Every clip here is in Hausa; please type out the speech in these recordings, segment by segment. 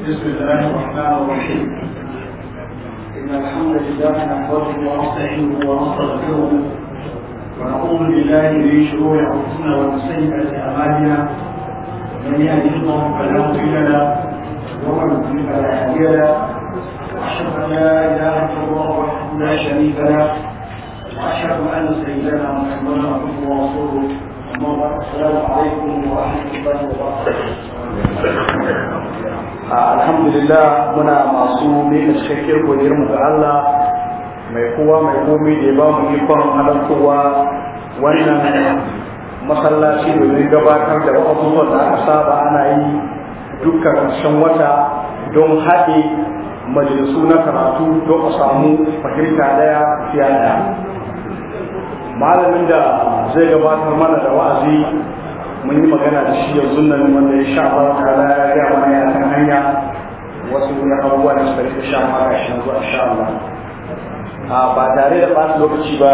بسم الله الرحمن الرحيم إن الحمد لله نحمده ونستعينه ونستغفره ونعوذ بالله من شرور أنفسنا ومن سيئات أعمالنا من يهده الله فلا مضل له ومن يضلل فلا هادي له وأشهد أن لا إله إلا الله وحده لا شريك له وأشهد أن سيدنا محمدا عبده ورسوله السلام عليكم ورحمة الله وبركاته alhamdulillah muna masu nuna cikakken godiyar mu ga Allah mai kowa mai komai da ba mu ikon halartowa wannan masallaci domin gabatar da abubuwan da aka saba ana yi dukkan ƙarshen wata don haɗe majalisu na karatu don a samu fahimta daya fiya daya malamin da zai gabatar mana da wa'azi mun yi magana da shi yanzu nan wanda ya sha ba ta ya ga wani ya kan hanya wasu na abubuwa da suka rika sha ma ga shi yanzu sha ba a ba tare da ɓata lokaci ba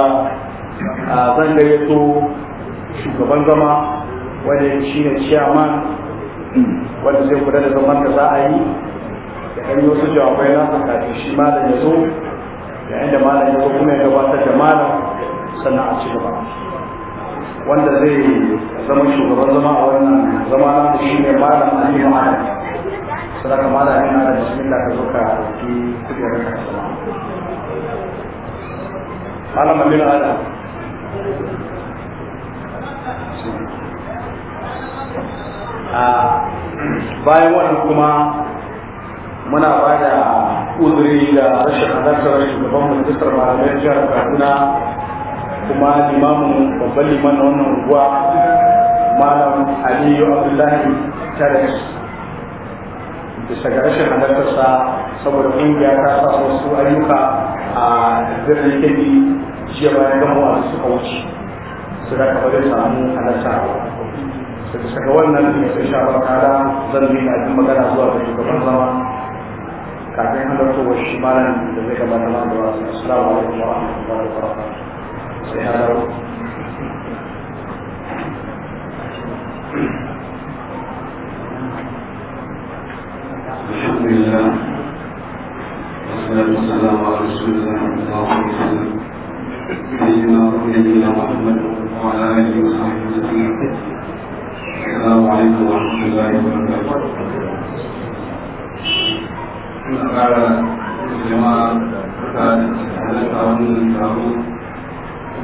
a zan gayyato shugaban zama wanda shi ne chairman wanda zai kula da zaman da za a yi da kan yi wasu jawabai na su kafin shi malam ya zo da inda malam ya zo kuma ya gabatar da malam sannan a ci gaba wanda zai zama shugaban zama a wannan zama na mu shine malam Ali Muhammad sadaka malam Ali Muhammad bismillah ka zo ka ki kujerar ka zama malam Ali Muhammad bayan wannan kuma muna ba da uzuri da rashin halartar shugaban majalisar malamai jihar kaduna kuma limamin babban liman na wannan uguwa, malam aliyu abdullahi tare bisa ga rashin halartarsa saboda kungiya ta sa wasu ayyuka a birnin kebbi jiya bayan gama wasu suka wuce su da kamar zai samu halarta su bisa ga wannan ne sai shafar kada zan yi abin magana zuwa ga shugaban zama kafin halartowar shi malam da zai gabata na da wasu assalamu alaikum wa rahmatullahi wa barakatuh الحمد لله والصلاة والسلام على رسول الله صلى الله عليه وسلم سيدنا محمد وعلى آله وصحبه أجمعين السلام عليكم ورحمة الله وبركاته أنا جماعة فقد هلك أمر المعروف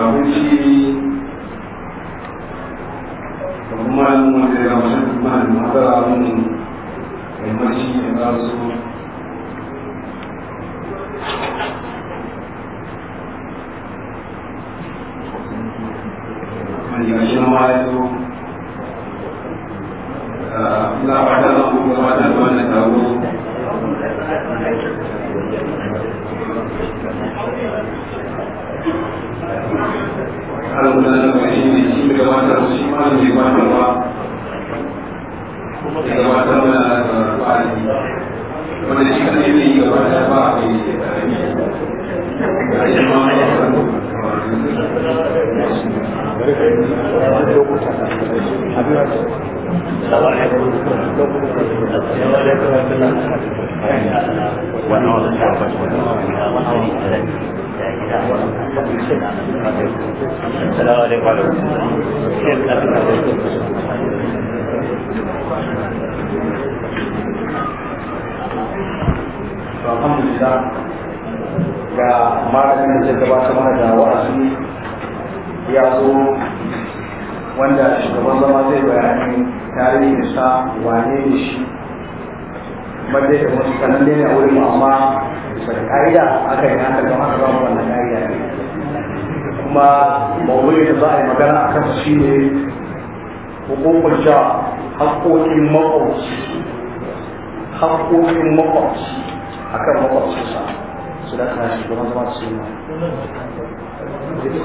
abinci da kuma malamin wanda ya gama shan kuma da matsala mun haƙƙoƙin makwabci haƙƙoƙin makwabci akan makwabcinsa su da kana shi zama su yi mata ba wai wani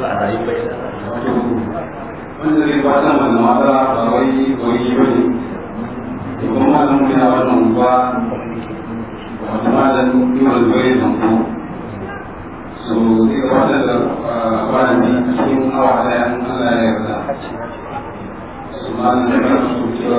ba ne kuma wannan ba wanda malamin yi walwaye da ku so zai wata da wani cikin awa daya Allah ya yarda su malamin da su cewa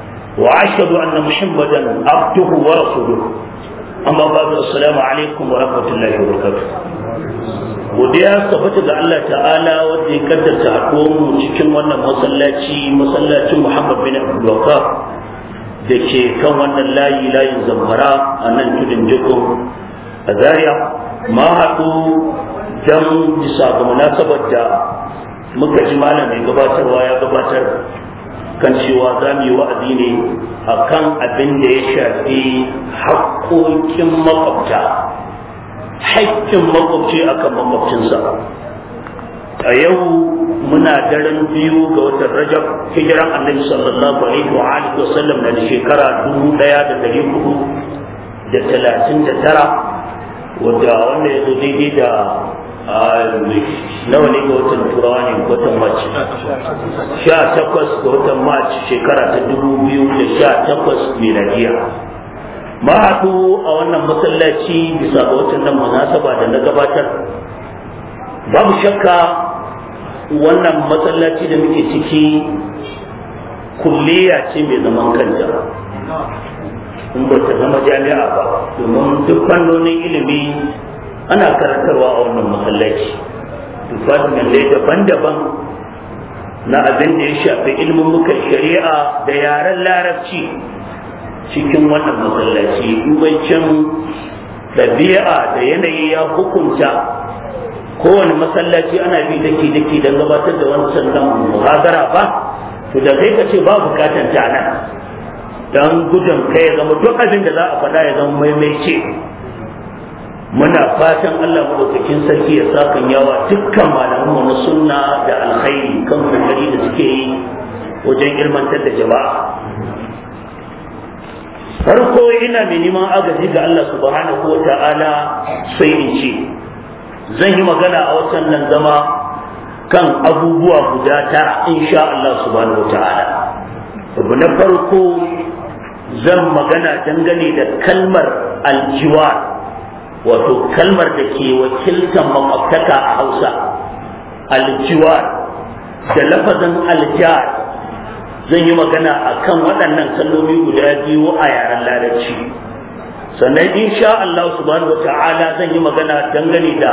وأشهد أن محمدا عبده ورسوله أما بعد السلام عليكم ورحمة الله وبركاته godiya tabbata ga Allah ta'ala wanda ya kaddarta haɗuwar mu cikin wannan masallaci masallacin Muhammad bin Abdul da ke kan wannan layi layin zamfara a nan tudun jikon a Zaria ma haɗu don bisa ga munasabar da muka ji malam gabatarwa ya gabatar kan cewa za mu yi wa'azi ne a kan abin da ya shafi haƙoƙin makwabta haƙƙin makwabci a kan makwabcinsa a yau muna daren biyu ga watan rajab hijiran annabi sallallahu alaihi wa alihi wa sallam na da shekara dubu ɗaya da ɗari hudu da talatin da tara wanda wannan ya zo daidai da nawa ne ga watan turawa ne ga watan march sha takwas ga watan march shekara ta dubu biyu da sha takwas miladiya haɗu a wannan masallaci bisa ga watan nan munasaba da na gabatar babu shakka wannan masallaci da muke ciki kulliya ce mai zaman kanta in ba ta zama jami'a ba domin duk fannonin ilimi ana karantarwa a wannan masallaci department ne daban-daban na abin da ya shafi ilmin shari'a da yaren larabci cikin wannan masallaci dubancin ɗabi'a da yanayi ya hukunta kowane masallaci ana bi daki daki don gabatar da wancan nan muhadara ba to da kai ka ce ba bukatan ta nan don gudun kai ya zama duk abin da za a faɗa ya zama maimaice muna fatan Allah madaukakin sarki ya sa kan yawa dukkan malaman mu na sunna da alkhairi kan kokari da suke yi wajen ilmantar da jama'a farko ina mai neman agaji ga Allah subhanahu wa ta'ala sai in ce zan yi magana a watan nan zama kan abubuwa guda tara insha Allah subhanahu wa ta'ala abu na farko zan magana dangane da kalmar aljiwar wato kalmar da ke wakiltar makwabtaka a hausa aljiwar da lafazin aljar zan yi magana a kan waɗannan kalmomi guda biyu a yaren larabci sannan insha Allah subhanahu wa ta'ala zan yi magana dangane da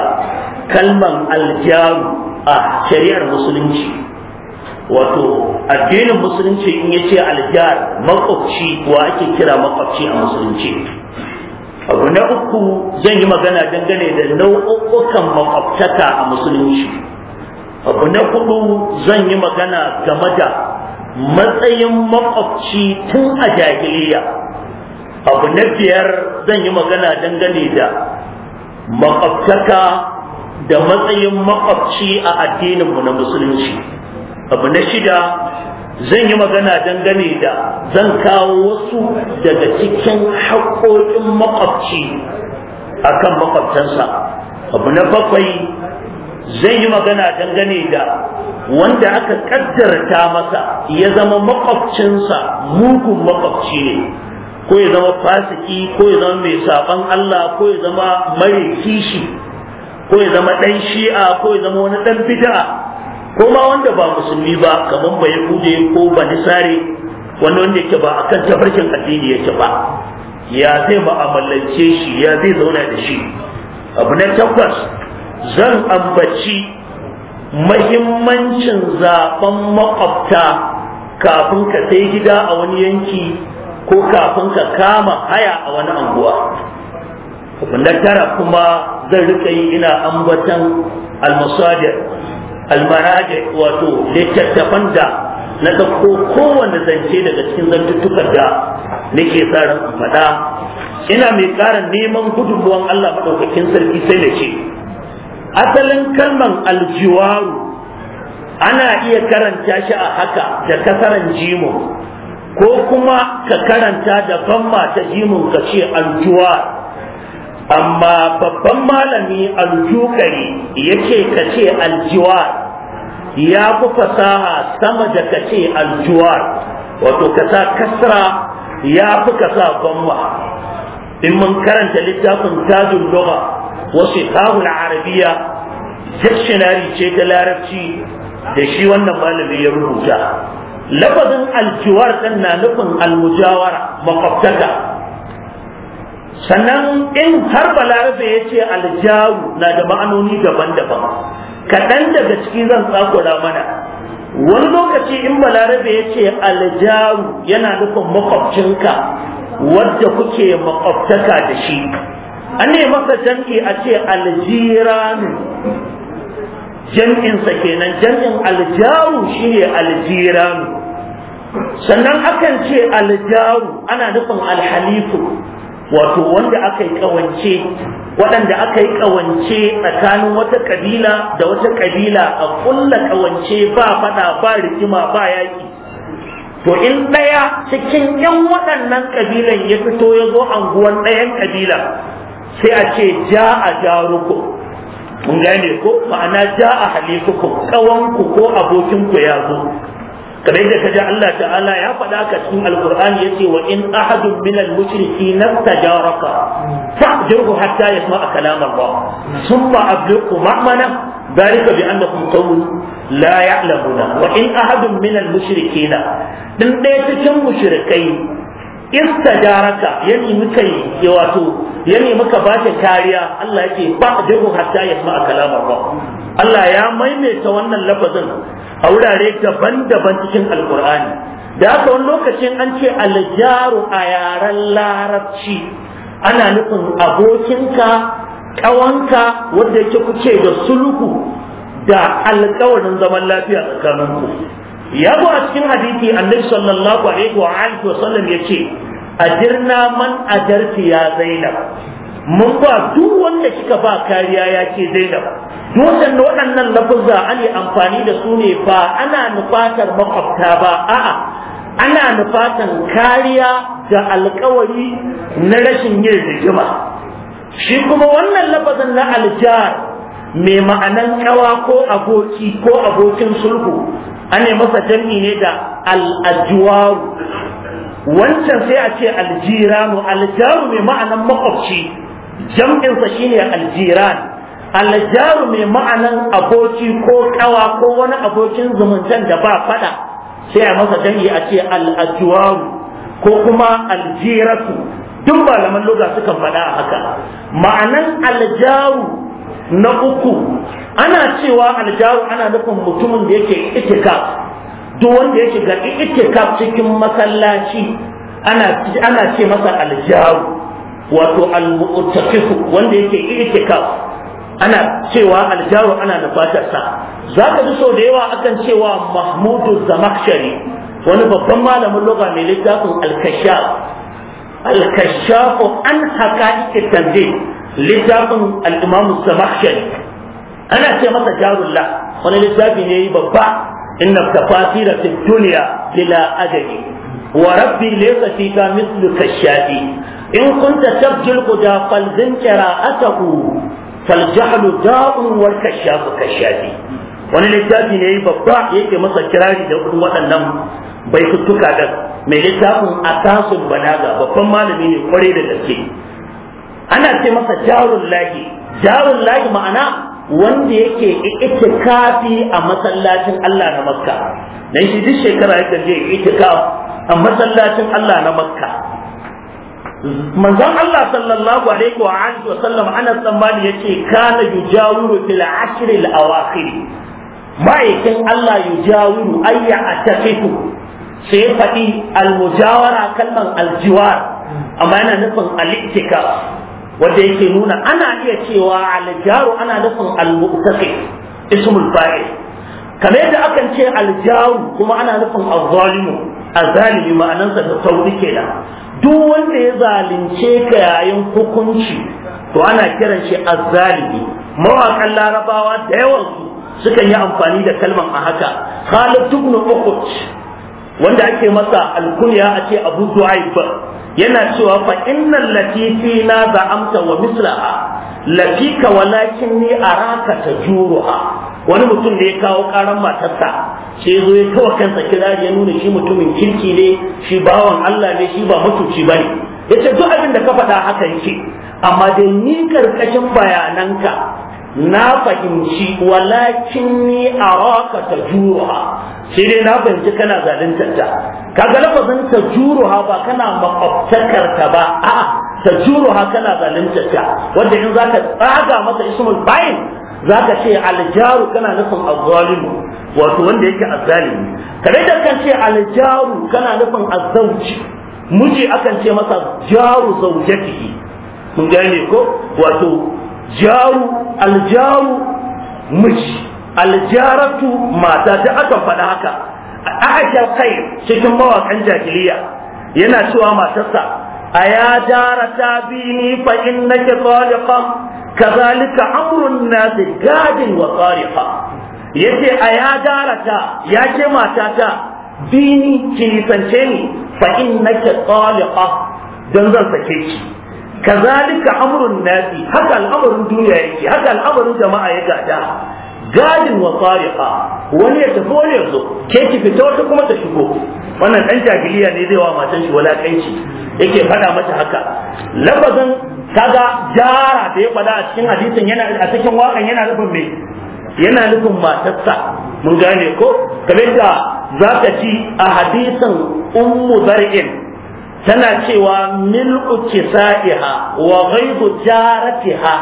kalman aljaru a shari'ar musulunci wato addinin musulunci in yace aljar makwabci wa ake kira makwabci a musulunci abu na uku zan yi magana dangane da nau'ukan makwabtaka a musulunci abu na hudu zan yi magana game da matsayin makwabci tun a jahiliya abu na biyar zan yi magana dangane da makwabtaka da matsayin makwabci a addininmu na musulunci abu na shida zan yi magana dangane da zan kawo wasu daga cikin haƙoƙin maƙwabci a kan makwabtansa abu na bakwai zan yi magana dangane da wanda aka ƙaddarta masa ya zama makwabcinsa mugun makwabci ne ko ya zama fasiki ko ya zama mai saɓan Allah ko ya zama mare kishi ko ya zama ɗan shi'a ko ya zama wani ɗan bid'a ko ma wanda ba musulmi ba kaman ba yahude ko ba sare wanda wanda yake ba akan tafarkin addini yake ba ya zai mu'amalance shi ya zai zauna da shi abu na tabbas zan ambaci mahimmancin zaben makwabta kafin ka sai gida a wani yanki ko kafin ka kama haya a wani anguwa na tara kuma zan rika yi ina ambatan almasadir almaraje wato littattafan da na ɗauko kowane zance daga cikin zantuttukar da nake sa ran faɗa ina mai ƙara neman gudunmuwan Allah maɗaukakin sarki sai da ce asalin kalman aljiwaru ana iya karanta shi a haka da kasaran jimun ko kuma ka karanta da famma ta jimun ka ce aljuwaru amma babban malami aljukari yake ka ce aljiwar ya fi fasaha sama da ka ce aljuwar wato ka sa kasra ya fi ka sa gwamma in mun karanta littafin tajin lugha wasu tahul arabiya dictionary ce ta larabci da shi wannan malami ya rubuta lafazin aljuwar ɗin na nufin almujawara makwabtaka sannan in har balarabe ya ce aljaru na da ma'anoni daban-daban kaɗan daga ciki zan tsakura mana wani lokaci in balarabe ya ce aljaru yana nufin makwabcinka wadda kuke makwabtaka da shi an ne masa jam'i a ce aljiranu jam'insa kenan jam'in aljaru shine aljiranu sannan akan ce aljaru ana nufin alhalifu wato wanda aka yi kawance waɗanda aka yi kawance tsakanin wata kabila da wata kabila a kulla kawance ba fada ba rigima ba yaƙi, to in ɗaya cikin yan waɗannan kabilan ya fito ya zo anguwan ɗayan kabila sai a ce ja a jaruko mun gane ko ma'ana ja a halikukum kawanku ko abokinku ya zo kamar yadda kaji Allah ta'ala ya faɗa ka cikin alqur'ani yace wa in ahadun min al-mushriki nastajaraka fa'jirhu hatta yasma'a kalam Allah thumma ablighu ma'mana ذلك بأنهم قوم لا يعلمون وإن أحد من المشركين دن cikin mushrikai istajaraka ya nemi kai wato ya nemi ka ba ta kariya Allah yake ba jihu hatta ya sama kalamar Allah ya maimaita wannan lafazin a wurare daban-daban cikin alkur'ani da haka wani lokacin an ce aljaru a yaren larabci ana nufin abokinka ƙawanka wanda yake kuce da sulhu da alkawarin zaman lafiya tsakaninku ya zo a cikin hadisi annabi sallallahu alaihi wa alihi wa sallam yace adirna man adarti ya zainab mun ba duk wanda kika ba kariya ya ce Zainab dukkan waɗannan lafuzza ana amfani da su ne ba ana nufatar makwabta ba a'a ana nufatan kariya da alkawari na rashin yin rigima shi kuma wannan lafazin na aljar mai ma'anan kawa ko aboki ko abokin sulhu Ane masa jam'i ne da al'ajuwaru wancan sai a ce aljiranu aljaru mai ma'anan makwabci jam'insa shine aljiran aljaru mai ma'anan aboki ko kawa ko wani abokin zumuntan da ba fada sai a masa dangi a ce al'ajuwaru ko kuma aljiratu duk malaman loga suka faɗa haka ma'anan aljaru na uku ana cewa aljaru ana nufin mutumin da yake itika duk wanda yake ga itika cikin masallaci ana ce masa aljaru wato al-mu'taqifu wanda yake i'tikaf ana cewa aljaru ana nufatar sa zaka ji so da yawa akan cewa mahmudu zamakshari wani babban malamin lugha mai littafin al-kashaf al-kashaf an haqa'iq tambe, littafin al-imam zamakshari ana ce masa jarullah wani littafi ne babba inna tafasira fi dunya bila adadi wa rabbi laysa fika mithlu kashafi in kunta ku da falzin qira'atahu fal jahlu wal kashafu kashafi wani littafi ne babba yake masa kirari da waɗannan bai tuttuka da mai littafin asasun banaga babban malami ne kwarai da gaske ana ce masa jarun lahi jarun lahi ma'ana wanda yake itikafi a masallacin Allah na Makka dan shi duk shekara yake je itikaf a masallacin Allah na Makka manzon Allah sallallahu alaihi wa alihi wa sallam Anas Sambani yace kana yujawiru fil ashr al awakhir ma'aikin Allah yujawiru ayya ataqitu sai fadi faɗi almujawara kalman aljiwar amma yana nufin al-ittika wanda yake nuna ana iya cewa al aljaru ana nufin al-mu'taqi ismul fa'il kamar yadda akan ce aljaru kuma ana nufin azzalimu zalimi ma'anansa da sauri kenan duk wanda ya zalunce ka yayin hukunci to ana kiran shi azzalimi mawaƙan larabawa da yawan sukan yi amfani da kalman a haka Khalid ibn Uqut wanda ake masa alkunya a ce Abu Zuhaib yana cewa fa innal latifi na za'amta wa mislaha latika walakin ni araka tajuruha wani mutum da ya kawo karan matarsa sai zo ya kawo kansa kira ya nuna shi mutumin kirki ne shi bawan Allah ne shi ba mutunci bane yace duk abin da ka faɗa haka yake amma da ni karkashin bayananka na fahimci walakin ni araka juruha. sai dai na fahimci kana zaluntar ta kaga lafazin tajuruha ba kana makwabtakar ta ba a'a tajuruha kana zaluntar ta wanda in zaka tsaga masa ismul bayin za ka ce aljaru kana nufin azzalimu wato wanda yake azzalimi kare da kan ce aljaru kana nufin azzauci miji akan ce masa jaru zaujatihi mun gane ko wato jaru aljaru miji aljaratu mata da aka faɗa haka a kai cikin mawakan jahiliya yana cewa matarsa a ya dara ta bi ni fa innaka kazalika amrun nasi gadin wa tsarifa yace a ya garata ya ke matata bini ki nisance ni fa innaka taliqa dan zan sake ki kazalika amrun nasi haka al'amarin duniya yake haka al'amarin jama'a ya gadin wa tsariqa wani ya tafi wani ya zo ke ki fita wata kuma ta shigo wannan dan jahiliya ne zai wa matan shi walakanci yake faɗa mata haka lafazin kaga jara da ya faɗa a cikin hadisin yana a cikin wakan yana nufin me yana nufin matarsa mun gane ko kamar da zaka ci a hadisin ummu zar'in tana cewa milku kisa'iha wa ghaibu jaratiha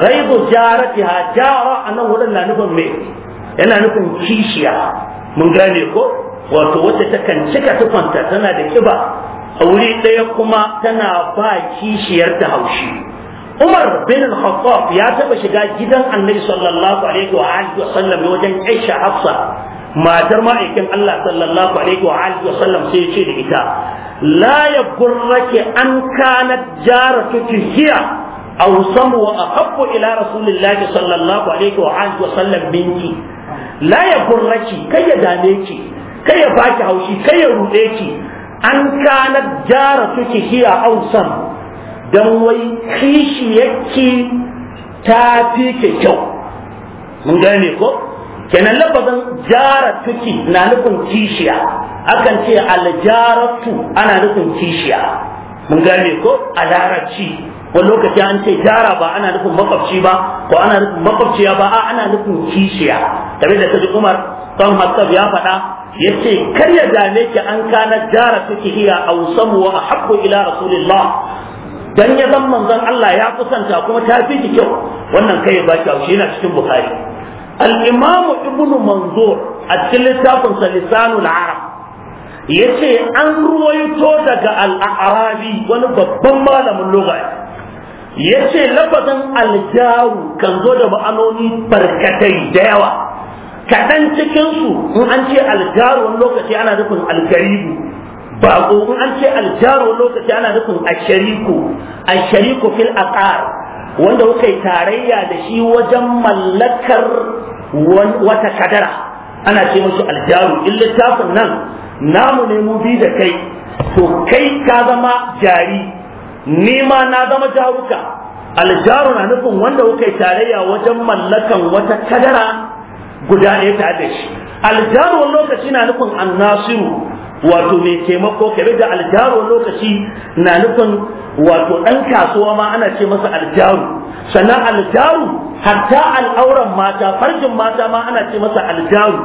ghaibu jaratiha jara anan wurin na nufin me yana nufin kishiya mun gane ko wato wacce takan cika tukunta tana da kiba a wuri ɗaya kuma tana ba kishiyar ta haushi Umar bin Al-Khattab ya taɓa shiga gidan Annabi sallallahu alaihi wa alihi wa sallam wajen Aisha Hafsa matar ma'aikin Allah sallallahu alaihi wa alihi wa sallam sai ya ce da ita la yagurraki an kanat jaratuki hiya aw samu wa ahabbu ila rasulillahi sallallahu alaihi wa alihi wa sallam minki la yagurraki kai ya dame ki kai ya baki haushi kai ya rude ki an kanar jara suke hiya ausan don wai kishi yake ta fi ke kyau mun gane ko kenan lafazin jara tuki na nufin kishiya akan ce aljaratu ana nufin kishiya mun gane ko a larabci wani lokaci an ce jara ba ana nufin makwabci ba ko ana nufin makwabciya ba a ana nufin kishiya tare da kaji Umar son Hattab ya faɗa ya ce kar ya dame ki an kana jara take a awsamu wa ahabbu ila rasulillah dan ya zan manzon Allah ya kusanta kuma ta fi ki kyau wannan kai ba kyau shi yana cikin bukari. al imamu Ibn Manzur a cikin littafin sa Lisanul Arab yace an ruwaito daga al-Arabi wani babban malamin lugha ya ce lafazin aljaru kan zo da ma'anoni barkatai da yawa kaɗan cikinsu in an ce aljaru wani lokaci ana nufin algaribu baƙo in an ce aljaru wani lokaci ana nufin ashariku ashariku fil aqar wanda kuka yi tarayya da shi wajen mallakar wata kadara ana ce mashi aljaru in littafin nan namu ne mu bi da kai to kai ka zama jari ni ma na zama jaruka aljaru na nufin wanda kuka yi tarayya wajen mallakan wata kadara guda ɗaya ta da shi aljaru wani lokaci na nufin annasiru wato mai taimako kabe da aljaru wani lokaci na nufin wato ɗan kasuwa ma ana ce masa aljaru sannan aljaru hatta al'auran mata farjin mata ma ana ce masa aljaru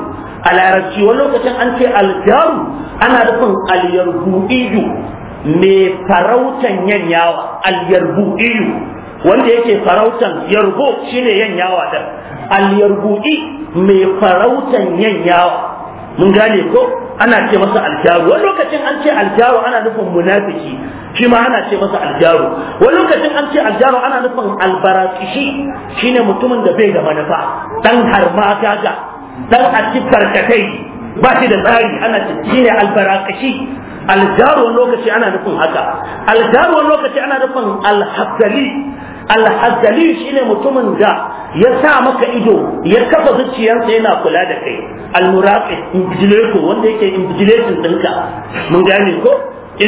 a larabci wani lokacin an ce aljaru ana nufin alyarbu'idu mai farautan yanyawa alyarbu iyu wanda yake farautan yarbo shine yanyawa da al-yarbu'i mai farautan yanyawa mun gane ko ana ce masa aljaru wani lokacin an ce aljaru ana nufin munafiki shi ma ana ce masa aljaru wani lokacin an ce aljaru ana nufin albarakishi shine mutumin da bai da manufa dan harma gaga dan a ci barkatai ba shi da tsari ana ce shine albarakishi aljaru wani lokaci ana nufin haka aljaru lokaci ana nufin alhazali alhazali shine mutumin da ya sa maka ido ya kafa zuciyarsa yana kula da kai almuraqi invigilator wanda yake invigilating ɗinka mun gane ko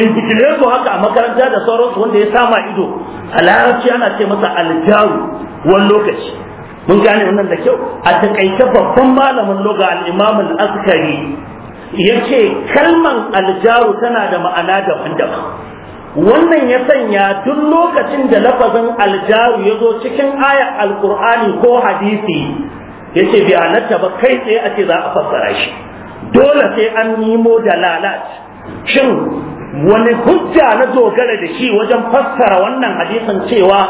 invigilator haka a makaranta da sauransu wanda ya sama ido a larabci ana ce masa aljaru wani lokaci mun gane wannan da kyau a takaice malamin loga al askari yace kalman aljaru tana da ma'ana daban-daban wannan ya sanya duk lokacin da lafazin aljaru ya zo cikin ayar alkur'ani ko hadisi yace bi halatta ba kai tsaye ake za a fassara shi dole sai an nemo dalalat shin wani hujja na dogara da shi wajen fassara wannan hadisin cewa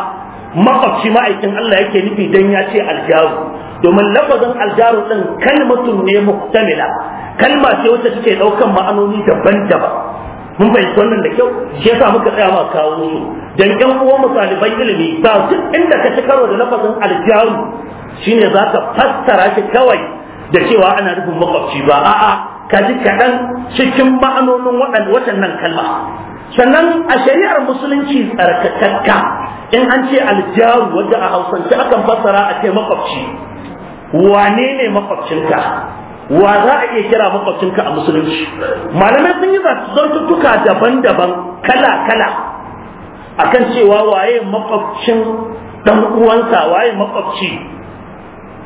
makwabci ma'aikin Allah yake nufi dan ya ce aljaru domin lafazin aljaru din kalmatun ne muktamila kalma ce wacce take ɗaukan ma'anoni daban-daban mun bai wannan da kyau shi yasa muka tsaya ma kawo su dan ƴan uwan ɗaliban ilimi ba duk inda ka ci karo da lafazin aljaru shine za ka fassara shi kawai da cewa ana nufin makwabci ba a'a ka ji kaɗan cikin ma'anonin waɗannan waɗannan kalma sannan a shari'ar musulunci tsarkakakka in an ce aljaru wanda a hausance akan fassara a ce makwabci wane ne makwabcinka wa za a iya kira makwabcinka a musulunci malamai sun yi zartuttuka daban-daban kala-kala akan cewa waye makwabcin dan uwansa waye makwabci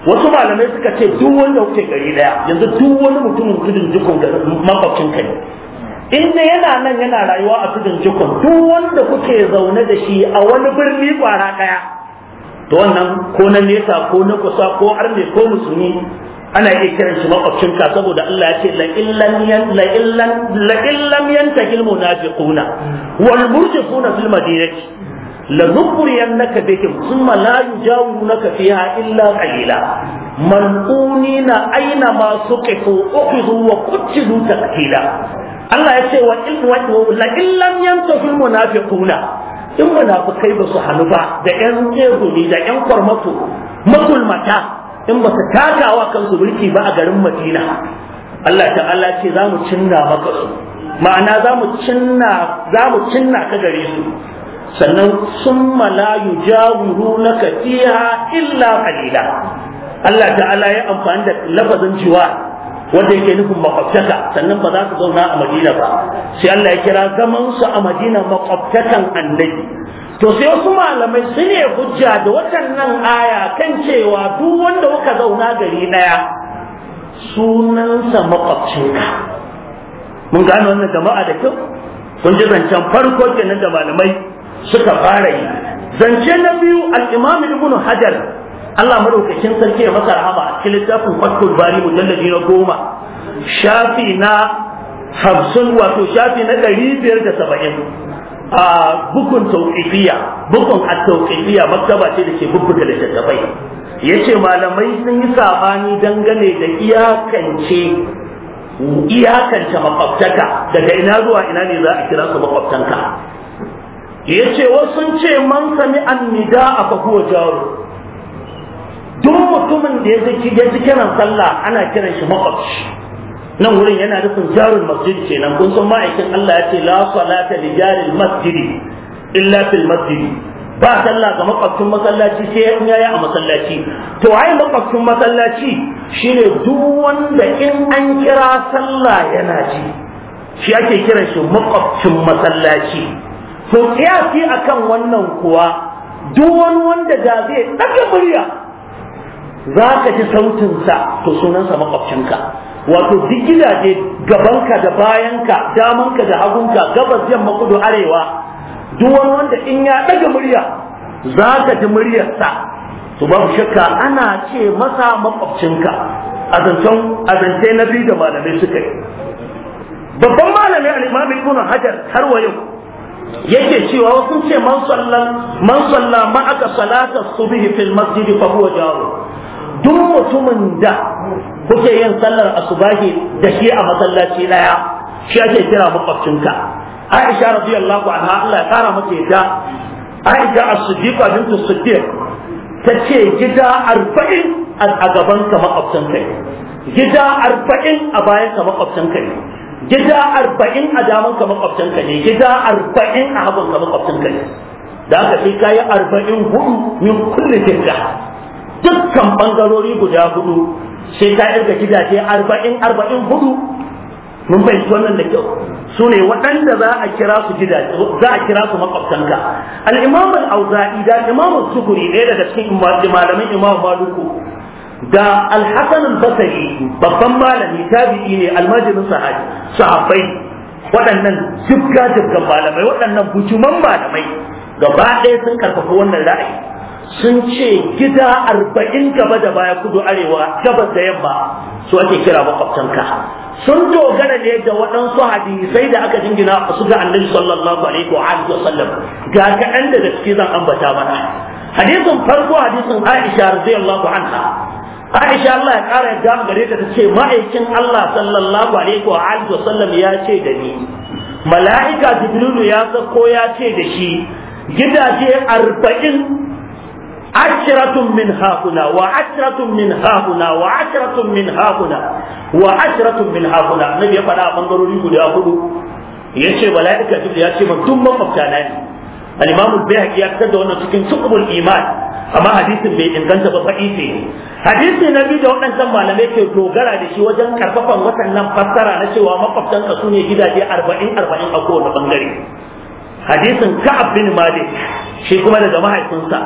wasu malamai suka ce duk wanda kuke gari daya yanzu duk wani mutumin gudun jikon da makwabcin kai inda yana nan yana rayuwa a gudun jikon duk wanda kuke zaune da shi a wani birni kwara daya to wannan ko na nesa ko na kusa ko arme ko musulmi ana iya kiran shi ka saboda Allah ya ce la illam yan na illam la illam yantahi al munafiquna wal murjifuna fil madinati la nukhriyannaka bihim thumma la yujawirunaka fiha illa qalila aina masu suqifu ukhidhu wa qutilu taqtila Allah ya ce wa la illam na fi kuna. in munafikai ba su hannu ba da 'yan tsegumi da 'yan kwarmato makulmata in ba su takawa kansu mulki ba a garin madina Allah ta'ala ce za mu cinna maka su ma'ana za mu cinna ka gare su sannan sun malayu yujawiru na fiha illa alila. Allah ta'ala ya amfani da lafazin jiwa wanda yake nufin makwabtaka sannan ba za su zauna a madina ba sai Allah ya kira zaman su a madina makwabtakan annabi to sai wasu malamai su ne hujja da waɗannan aya kan cewa duk wanda muka zauna gari ɗaya sunansa makwabcinka mun gane wannan jama'a da kyau kun ji zancen farko kenan da malamai suka fara yi zance na biyu al-imam ibn hajar Allah madaukakin sarki ya masa rahama a cikin littafin Fathul Bari mujallaji na goma shafi na hamsin wato shafi na ɗari biyar da saba'in a bukun tauqifiyya bukun at-tauqifiyya maktaba ce da ke bubbuga littattafai yace malamai sun yi sabani dangane da iyakance iyakance makwabtaka daga ina zuwa ina ne za a kira su makwabtanka yace wasu sun ce man sami annida a huwa jaru duk mutumin da ya ji kiran sallah ana kiran shi makwabci nan wurin yana nufin jarul masjid kenan kun san ma'aikin Allah ya ce la salata li jaril masjidi illa fil masjidi ba sallah ga makwabcin masallaci sai ya yi a masallaci to ai makwabcin masallaci shine duk wanda in an kira sallah yana ji shi ake kiran shi makwabcin masallaci to kiyasi akan wannan kuwa duk wani wanda da zai daga murya za ka ji sautinsa to sunansa makwabcinka wato duk gidaje gabanka da bayanka damanka da hagunka gabas yamma kudu arewa duk wani wanda in ya daga murya za ka ji muryarsa to babu shakka ana ce masa makwabcinka a zance na biyu da malamai suka yi babban malami al-imam ibn hajar har wa yau yake cewa wasu ce man sallan man salla ma aka salata subhi fil masjid fa huwa jaru duk mutumin da kuke yin sallar asubahi da shi a masallaci daya shi ake kira makwabcinka Aisha radiyallahu anha Allah ya kara mata yadda Aisha as-Siddiqa bint Siddiq tace gida 40 a gaban ka makwabcin kai gida 40 a bayan ka makwabcin kai gida 40 a daman ka makwabcin kai gida 40 a hagun ka makwabcin kai da aka sai kayi 40 hudu min kulli jinka dukkan bangarori guda hudu sai ta irga gidaje arba'in arba'in hudu mun bai wannan da kyau su ne waɗanda za a kira su gidaje za a kira su makwabtanka al'imam al'auza'i auzai da imam sukuri ɗaya daga cikin malamin imam maluku da al-hasan al-basri babban malami tabi'i ne almajirin sahabi sahabbai waɗannan jibga jibgan malamai waɗannan bujuman malamai gaba ɗaya sun karfafa wannan ra'ayi sun ce gida arba'in gaba da baya kudu arewa gabas da yamma su ake kira makwabtanka sun dogara ne da waɗansu hadisai da aka jingina su ga annabi sallallahu alaihi wa alihi wasallam ga kaɗan da gaske zan ambata mana hadisin farko hadisin Aisha radiyallahu anha Aisha Allah ya ƙara yadda gare ta ce ma'aikin Allah sallallahu alaihi wa alihi wasallam ya ce da ni mala'ika Jibrilu ya zako ya ce da shi gidaje arba'in عشرة من هاهنا وعشرة من هاهنا وعشرة من هاهنا وعشرة من هاهنا النبي يفعل بنغروري غدا هدو yace mala'ika jibril ya ce man duk makwabta na ne al-imam al ya fitar da wannan cikin suqbul iman amma hadisin bai inganta ba faɗi ce hadisi na bi da waɗancan malamai ke dogara da shi wajen karfafan watan nan fassara na cewa makwabtanka su ne gidaje arba'in arba'in a kowane bangare hadisin ka'ab bin malik shi kuma daga mahaifinsa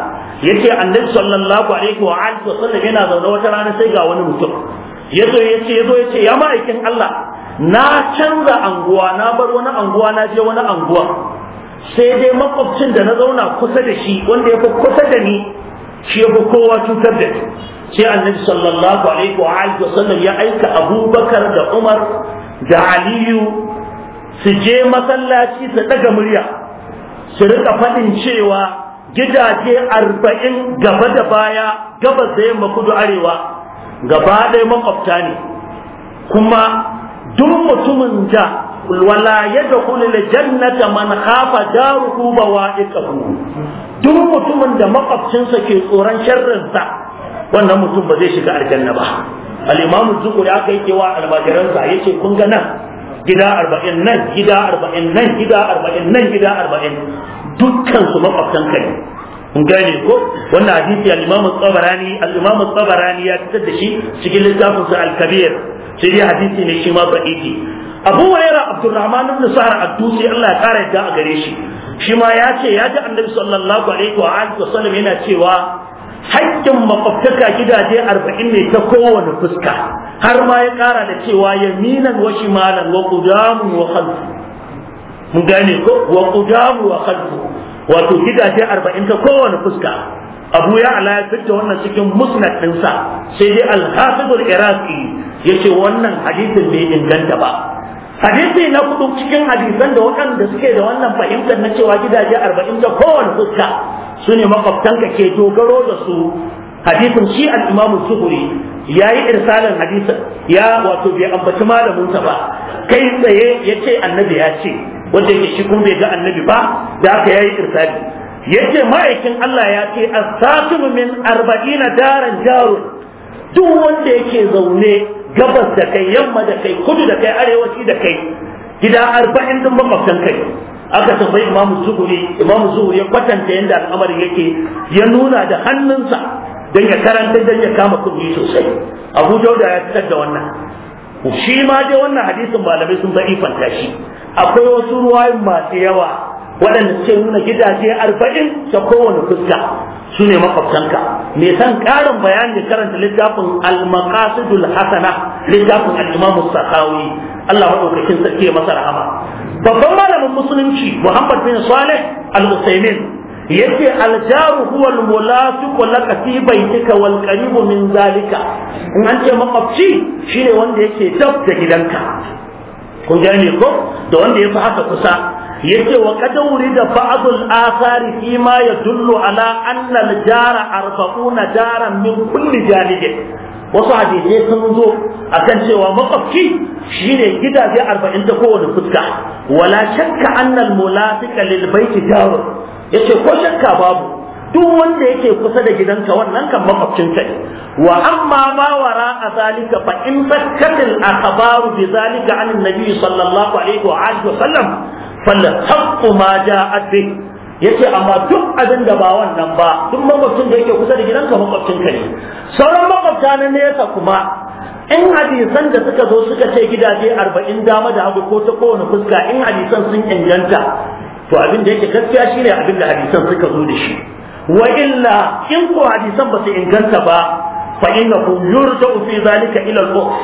yace annabi sallallahu alaihi wa alihi wa sallam yana zaune wata rana sai ga wani mutum yazo yace yazo yace ya ma'aikin Allah na canza anguwa na bar wani anguwa na je wani anguwa sai dai makwabcin da na zauna kusa da shi wanda ya fi kusa da ni shi ya fi kowa cutar da shi sai annabi sallallahu alaihi wa alihi wa sallam ya aika Abubakar da Umar da Aliyu su je masallaci su daga murya su rika faɗin cewa gidaje arba'in gaba da baya gaba da yamma kudu arewa gaba ɗaya makwabta ne kuma duk mutumin da wala ya da da jannata man khafa daruhu bawa'iqahu duk mutumin da makwabcinsa ke tsoron sharrinsa wannan mutum ba zai shiga aljanna ba al-imam az-zuhri aka yake wa ya yace kun ga nan gida arba'in nan gida arba'in nan gida arba'in nan gida arba'in dukkan su makwabtan kai kun gane ko wannan hadisi al-Imam al-Tabarani al-Imam al ya fitar da shi cikin littafin sa al-Kabir sai dai hadisi ne shi ma fa'idi Abu Hurairah Abdurrahman ibn Sa'ar ad-Dusi Allah ya kare da a gare shi shi ma ya ce ya ji Annabi sallallahu alaihi wa alihi wasallam yana cewa haƙƙin makwabtaka gidaje arba'in ne ta kowane fuska har ma ya kara da cewa yaminan wa shimalan wa qudamu wa khalfu mun gane ko wa qudamu wa khalfu wato gidaje 40 ta kowane fuska abu ya ala ya fitta wannan cikin musnad dinsa sai dai al-hafizul iraqi yace wannan hadisin bai inganta ba hadisi na kudu cikin hadisan da waɗanda suke da wannan fahimtar na cewa gidaje arba'in ta kowane fuska su ne makwabtanka ke dogaro da su hadisin shi al-imamu zuhuri ya yi irsalin hadisin ya wato bai ambaci malamin ba kai tsaye ya ce annabi ya ce wanda yake shi kuma bai ga annabi ba da aka ya yi irsali ya ce ma'aikin Allah ya ce asatimu min arba'ina daren jarun duk wanda yake zaune gabas da kai yamma da kai kudu da kai arewaci da kai gida arba'in din makwabtan kai aka tambayi imamu zuhuri imamu zuhuri ya kwatanta yadda al'amarin yake ya nuna da hannunsa dan ya karanta dan ya kama kuɗi sosai Abu Dauda ya fitar da wannan shi ma dai wannan hadisin malamai sun fanta shi akwai wasu ruwa masu yawa waɗanda suke nuna gidaje arba'in ta kowane fuska su ne makwabtanka me san ƙarin bayani karanta littafin al hasana littafin al-imam sakawi Allah madaukakin sarki masa rahama babban malamin musulunci Muhammad bin Saleh al-Utsaimin yace aljaru huwa almulafiqu laka fi baitika wal qaribu min zalika in an ce makwabci shine wanda yake dab da gidanka kun gane ko da wanda yafi haka kusa yace wa qadawri da ba'd al-athari fi ma yadullu ala anna al-jara arba'una daran min kulli janibin wasu hadisai sun zo akan cewa makwabci shine gidaje arba'in ta kowane fuska wala shakka annal mulafiqa lil baiti jarun yace ko shakka babu duk wanda yake kusa da gidanka wannan kan makwabcin ka ne wa amma ma wara a zalika fa in sakkatil akhbaru bi zalika an nabi sallallahu alaihi wa alihi wa sallam fal haqqu ma ja'at bi yace amma duk abin da ba wannan ba duk makwabcin da yake kusa da gidanka makwabcin ka ne sauran makwabta na nesa kuma in hadisan da suka zo suka ce gidaje arba'in dama da hagu ko ta kowane fuska in hadisan sun inganta to abin da yake gaskiya shine abin da hadisan suka zo da shi wa illa in ko hadisan ba su inganta ba fa innahu yurja'u fi zalika ila al-urf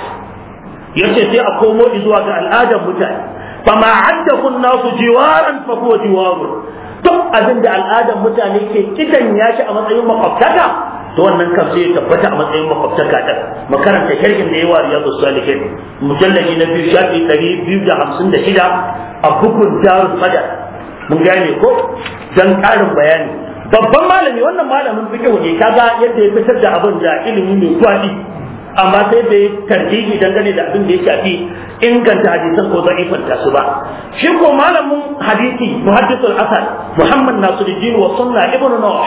yace sai a komo zuwa ga al'adar mutane fa ma addahu an-nasu jiwaran fa huwa jiwarun duk abin da al'adar mutane ke kidan ya shi a matsayin makwabtaka to wannan kan sai ya tabbata a matsayin makwabtaka ta makaranta sharhin da yawa riyadu salihin mujallabi na biyu shafi shida a bugun darul madar mun gane ko dan karin bayani babban malami wannan malamin fiqh ne kaga yadda ya fitar da abin da ilimi mai bi, amma sai bai tarjihi dangane da abin da ya shafi inganta hadisan ko ta su ba shi ko malamin hadisi muhaddisul asad muhammad nasiruddin wa sunna ibnu nawh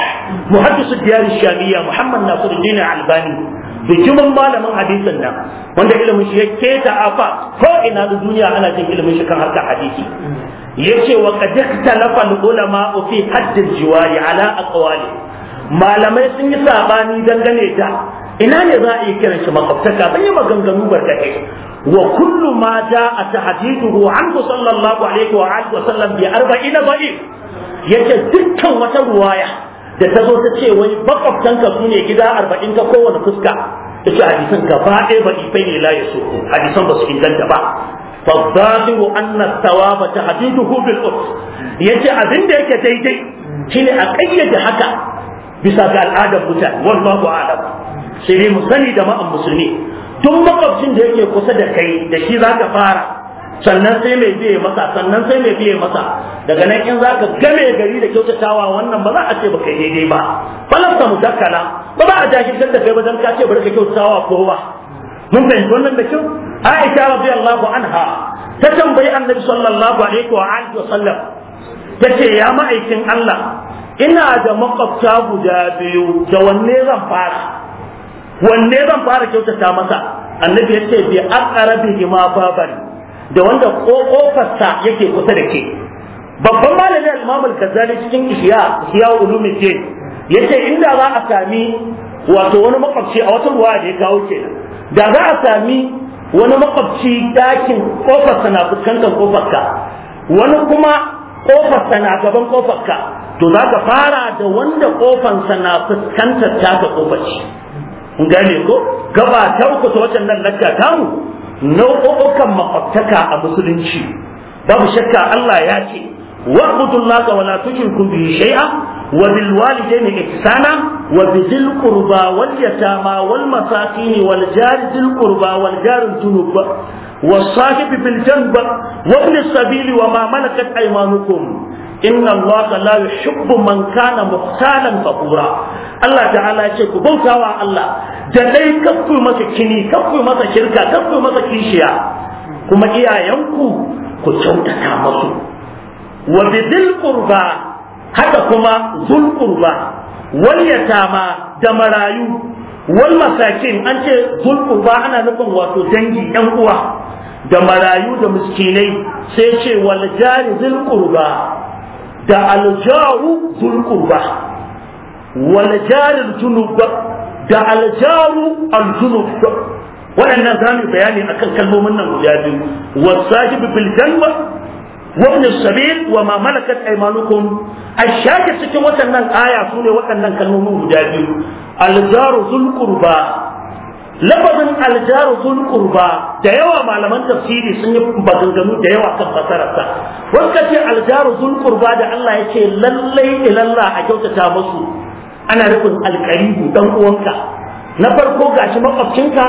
muhaddisul diyar shamiyya muhammad nasiruddin albani bikimin malamin hadisin nan wanda ilimin shi ya keta afa ko ina da duniya ana jin ilimin shi kan harkar hadisi yace wa qad ikhtalafa ma ofi hadd jiwari ala aqwali malamai sun yi sabani dangane da ina ne za a yi kiran shi makwabtaka ban yi maganganu barkatai wa kullu ma jaa tahdiduhu anhu sallallahu alaihi wa alihi wa sallam bi arba'ina ba'i yace dukkan wata ruwaya da ta zo ta ce wai makwabtanka su ne gida arba'in ta kowane fuska ta ce hadisan ka ba ɗaya ba ifai ne la ya so hadisan ba su inganta ba فالظاهر أن الثواب تحديده بالأرض yace abin da yake daidai shine a kayyade haka bisa ga al'adar mutane wallahu a'lam sai mu sani da ma'an musulmi duk makwabcin da yake kusa da kai da shi zaka fara sannan sai mai biye masa sannan sai mai biye masa daga nan in zaka game gari da kyautatawa wannan ba za a ce baka daidai ba falasta mudakkala ba za a jahiltar da kai ba dan ka ce bari ka kyautatawa kowa mun fahimci wannan da kyau Aisha radiyallahu anha ta tambayi Annabi sallallahu alaihi wa alihi wa sallam tace ya ma'aikin Allah ina da makwabta guda biyu da wanne zan fara wanne zan fara kyautata masa annabi yace bi aqrabi ma babari da wanda kofarsa yake kusa da ke babban malami al-imam al cikin ihya ihya ulumuddin yace inda za a sami wato wani makwabci a wata ruwa da ya kawo kenan da za a sami wani makwabci dakin kofarsa na fuskantar kofarka wani kuma kofarsa na gaban kofarka to za ka fara da wanda kofansa na fuskantar ta taka kofarci gane ko gaba ta uku ta wajen nan lakka tamu nau'ukan makwabtaka a musulunci babu shakka Allah ya ce wa'budu Allah wa la tushriku bihi shay'a wa bil walidayni ihsana wa bi dhil qurba wal yatama wal masakin wal jari dhil qurba wal jari junub والصاحب بالجنب وابن السبيل وما ملكت أيمانكم inna allaha la yuhibbu man kana muhtalan fakura Allah ta'ala ce ku bautawa Allah da dai kafu masa kini kafu masa shirka kafu masa kishiya kuma iyayenku ku kyautata musu wa bidil qurba haka kuma zul qurba wal yatama da marayu wal masakin an ce zul qurba ana nufin wato dangi yan uwa da marayu da miskinai sai ce wal jari zul qurba da aljaru zul qurba wal jarul junub da aljaru al junub waɗannan za mu bayani akan kalmomin nan guda biyu wasahibu bil janwa وابن السبيل وما ملكت ايمانكم الشاهد cikin waɗannan aya su ne waɗannan kalmomin guda biyu aljaru zul qurba lafazin aljaru zul da yawa malaman tafsiri sun yi maganganu da yawa kan fasararsa wanda ce aljaru da Allah ya ce lallai ilallah a kyautata musu ana rufin alkaribu dan uwanka na farko gashi makwabcinka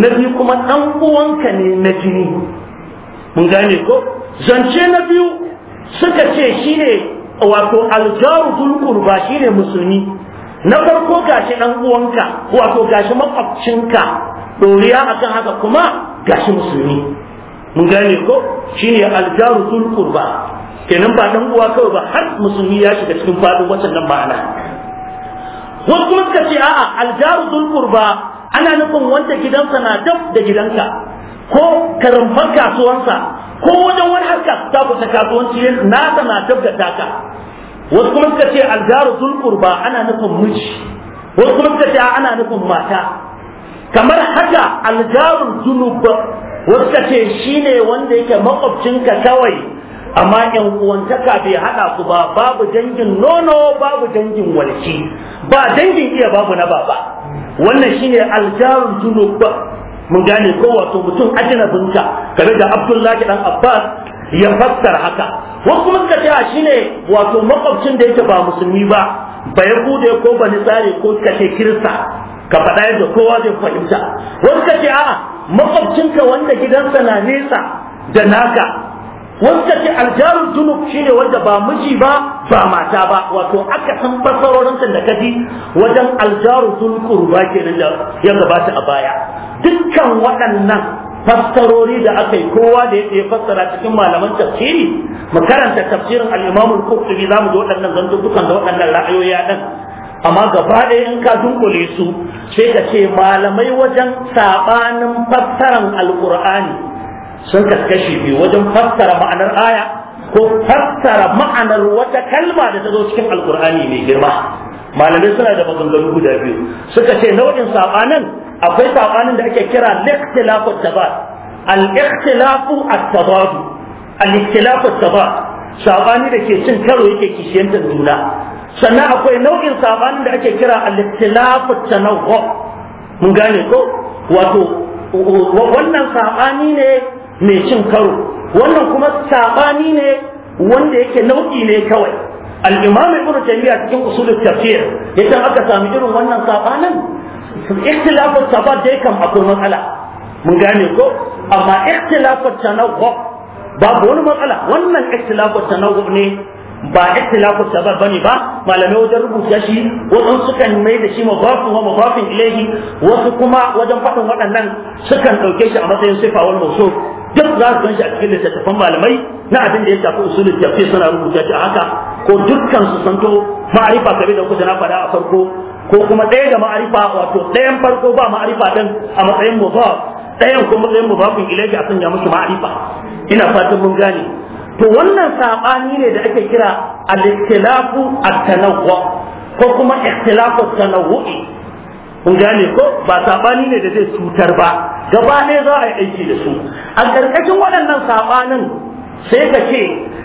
na biyu kuma dan uwanka ne na jini mun gane ko zance na biyu suka ce shine wato aljaru zul qurba shine musulmi na farko gashi dan uwanka wato gashi makwabcinka doriya akan haka kuma gashi musulmi mun gane ko shine aljaru tul qurba kenan ba dan uwa kawai ba har musulmi ya shiga cikin fadin wannan nan ana. wasu kuma suka ce a'a aljaru tul qurba ana nufin wanda gidansa na daf da gidanka ko karamfan kasuwansa ko wajen wani harka ta kusa kasuwanci na na daf da taka wasu kuma suka ce aljaru tul ba ana nufin miji wasu kuma suka ce ana nufin mata kamar haka aljaru junub wasu suka ce shi ne wanda yake makwabcinka kawai amma yan uwantaka bai hada ku ba babu dangin nono babu dangin walki ba dangin iya babu na baba wannan shine aljaru junub mun gane ko wato mutum ajinabinka kare da abdullahi dan abbas ya fassara haka wasu kuma suka ce shine wato makwabcin da yake ba musulmi ba ba ya bude ko ba tsare ko ka ce kirista ka faɗa yadda kowa zai fahimta wasu suka ce a'a makwabcinka wanda gidansa na nesa da naka wasu suka ce aljaru junub shine wanda ba miji ba ba mata ba wato aka san fassarorin da kaji wajen aljaru junub kurba kenan da ya gabata a baya dukkan waɗannan fassarori da aka yi kowa da ya fassara cikin malaman tafsiri mu karanta tafsirin al-Imam al-Qurtubi zamu ga waɗannan zantukan da waɗannan ra'ayoyi dan amma gaba ɗaya in ka dunkule su sai ka ce malamai wajen sabanin fassaran alqur'ani sun kaskashi biyu wajen fassara ma'anar aya ko fassara ma'anar wata kalma da ta zo cikin alqur'ani mai girma malamai suna da maganganu guda biyu suka ce nau'in sabanin akwai sabanin da ake kira al-ikhtilafu at-tabad al-ikhtilafu at-tabad al-ikhtilafu at-tabad sabani da ke cin karo yake kishiyantar juna sannan akwai nau'in sabanin da ake kira al-ikhtilafu at-tanawwu mun gane ko wato wannan sabani ne mai cin karo wannan kuma sabani ne wanda yake nau'i ne kawai al-imam ibnu taymiya cikin usul tafsir yace aka sami irin wannan sabanin ikhtilafu sabat dai kam akwai matsala mun gane ko amma ikhtilafu tanawwu babu wani matsala wannan ikhtilafu tanawwu ne ba ikhtilafu sabab bane ba malamai wajen rubuta shi wasu sukan mai da shi mafafin wa mafafin ilayhi wasu kuma wajen faɗin waɗannan sukan ɗauke shi a matsayin sifawar wal duk za su shi a cikin littattafan malamai na abin da ya shafi usulul tafsir suna rubuta shi a haka ko dukkan su santo ma'arifa kabe da kuka na faɗa a farko ko kuma ɗaya da ma'arifa wato ɗayan farko ba ma'arifa ɗin a matsayin mudaf ɗayan kuma matsayin mudafin ilayhi a sanya musu ma'arifa ina fatan mun gane to wannan sabani ne da ake kira al-ikhtilafu at-tanawwu ko kuma ikhtilafu at-tanawwu'i kun gane ko ba sabani ne da zai cutar ba gaba ne za a yi aiki da su a ƙarƙashin waɗannan sabanin sai ka ce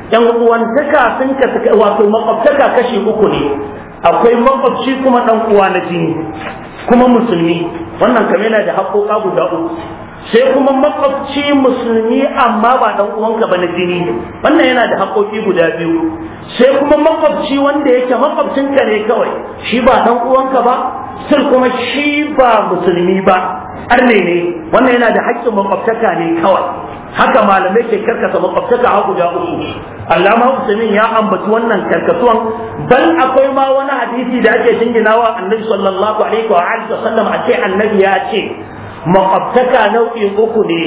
yan uwantaka sun ka wato makwabtaka kashi uku ne akwai makwabci kuma ɗan uwa na jini kuma musulmi wannan kamar yana da haƙoƙa guda uku sai kuma makwabci musulmi amma ba dan uwanka ba na jini ne wannan yana da haƙoƙi guda biyu sai kuma makwabci wanda yake makwabcinka ne kawai shi ba dan uwanka ba sai kuma shi ba musulmi ba arne ne wannan yana da haƙƙin makwabtaka ne kawai haka malamai ke karkasa makwabtaka a guda uku Allama Usaimin ya ambaci wannan karkasuwan bal akwai ma wani hadisi da ake jinginawa Annabi sallallahu alaihi wa alihi a ce Annabi ya ce maƙwabtaka nau'in uku ne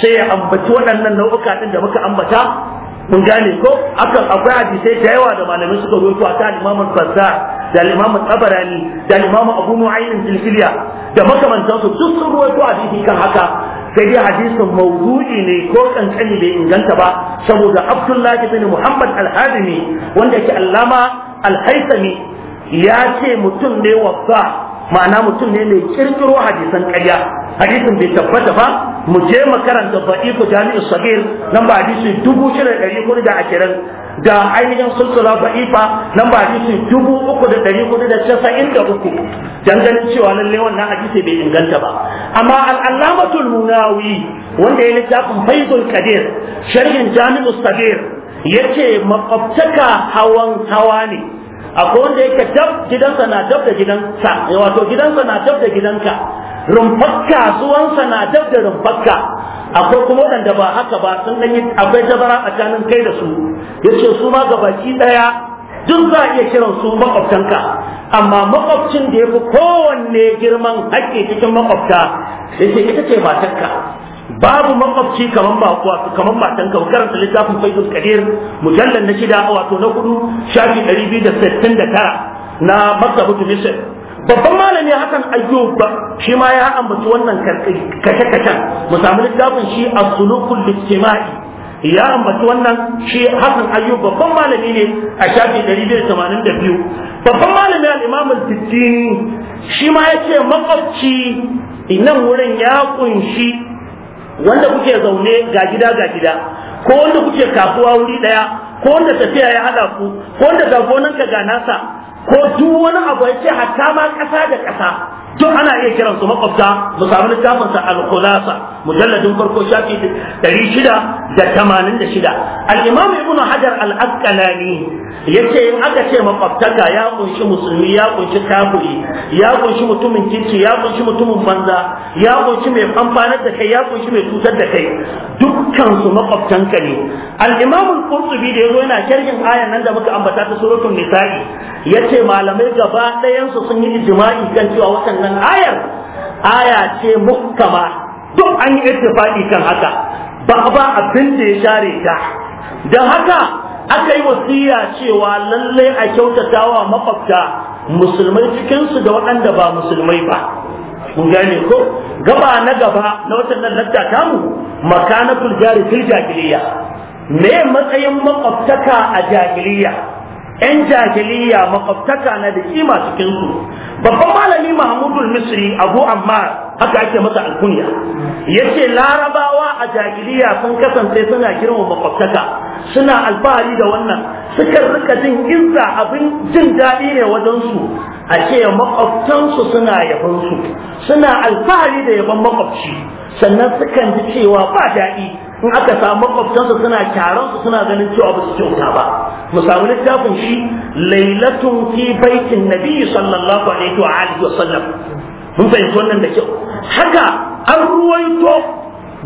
sai ya ambaci waɗannan nau'uka ɗin da muka ambata mun gane ko akan akwai hadisai da yawa da malamai suka rubuta a kan Imam Al-Bazzar da Tabarani da Imam Abu Nu'aym al da makamantan su duk sun rubuta hadisi kan haka sai dai hadisin mawdu'i ne ko kankani bai inganta ba saboda Abdullahi bin Muhammad Al-Hadimi wanda ke Allama al haisami ya ce mutum ne wasa ma'ana mutum ne mai kirkiro hadisan ƙarya hadisin bai tabbata ba mu je mu karanta da'ifu jami'u sagir nan ba hadisi dubu shida ɗari hudu da ashirin da ainihin sulsula fa. nan ba hadisi dubu uku da ɗari hudu da casa'in da uku ganin cewa lallai wannan hadisi bai inganta ba amma al'allamatul munawi wanda ya littafin faizul kadir sharhin jami'u sagir ce makwabtaka hawan hawa ne akwai wanda yake dab gidansa na dab da gidansa wato gidansa na dab da gidanka Rumfakka kasuwansa na dab da rumfarka akwai kuma waɗanda ba haka ba sun dan yi akwai jabara tsakanin kai da su yace su ma gabaki ɗaya duk za a iya kiran su makwabtanka amma makwabcin da ya fi kowanne girman haƙƙi cikin makwabta yace ita ce matarka babu makwabci kaman ba wato kaman matanka karanta littafin faizul kadir mujallal na shida wato na hudu shafi ɗari biyu da da sittin 269 na maktabatu misr babban malami hakan ayyub ba shi ma ya ambaci wannan kashe-kashen mu samu littafin shi a sulukul ijtima'i ya ambaci wannan shi hakan ayyub babban malami ne a shafi 282 babban malami al-imam al tijini shi ma ya ce makwabci nan wurin ya kunshi wanda kuke zaune ga gida ga gida ko wanda kuke kasuwa wuri daya ko wanda tafiya ya hada ku ko wanda ga gonanka ga nasa ko duk wani abu ya ce hatta ma ƙasa da ƙasa duk ana iya kiran su makwabta mu samu littafin sa al-khulasa mujalladin farko shafi 686 al-imam ibnu hajar al-asqalani yace in aka ce makwabtaka ya kunshi musulmi ya kunshi kafiri ya kunshi mutumin kirki ya kunshi mutumin banza ya kunshi mai amfanar da kai ya kunshi mai cutar da kai duk dukkan su makwabtanka ne al-imam al-qurtubi da yazo yana sharhin ayan nan da muka ambata ta suratun nisa'i ce malamai gaba ɗayansu sun yi ijima'i kan cewa watan nan ayar aya ce muhkama duk an yi ittifaqi kan haka ba ba abin da ya share ta dan haka aka yi wasiya cewa lallai a kyautatawa makwabta musulmai cikinsu da waɗanda ba musulmai ba mun gane ko gaba na gaba na watan lakta tamu makanatul jari fil jahiliya me matsayin makwabtaka a jahiliya yan jahiliya makwabtaka na da kima cikin su babban malami mahmudul misri abu ammar haka ake masa alkunya yace larabawa a jahiliya sun kasance suna girma makwabtaka suna alfahari da wannan sukan rika jin izza abin jin daɗi ne wajensu a ce makwabtansu suna yabonsu suna alfahari da yabon makwabci sannan sukan ji cewa ba daɗi in aka samu makwabtansu suna kyaransu suna ganin cewa ba su kyauta ba mu samu littafin shi lailatun fi baitin nabi sallallahu alaihi wa alihi wa sallam mun fahimci wannan da kyau haka an ruwaito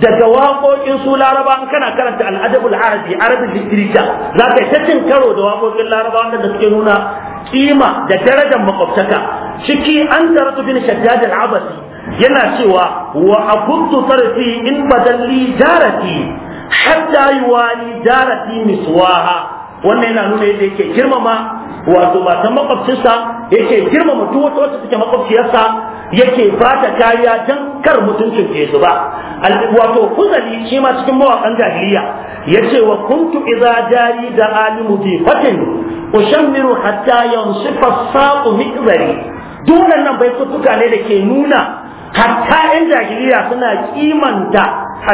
daga waƙoƙin su laraba kana karanta al'adabul arabi arabi literature za ka ta cin karo da waƙoƙin laraba wanda suke nuna kima da darajar makwabtaka ciki an taratu bin shaddad al-abasi yana cewa wa akuntu tarfi in badalli jarati hatta yuwali jarati miswaha wannan yana nuna yadda yake girmama wato matan makwabcinsa yake girmama duk wata wacce take makwabciyarsa yake bata kariya don kar mutuncin ke ba wato kuzari shi ma cikin mawaƙan jahiliya ya ce wa kuntu iza jari da alimu bi fatin ushammiru hatta yansifa saqu mikzari dunan nan bai sufuka ne da ke nuna hatta yan jahiliya suna kimanta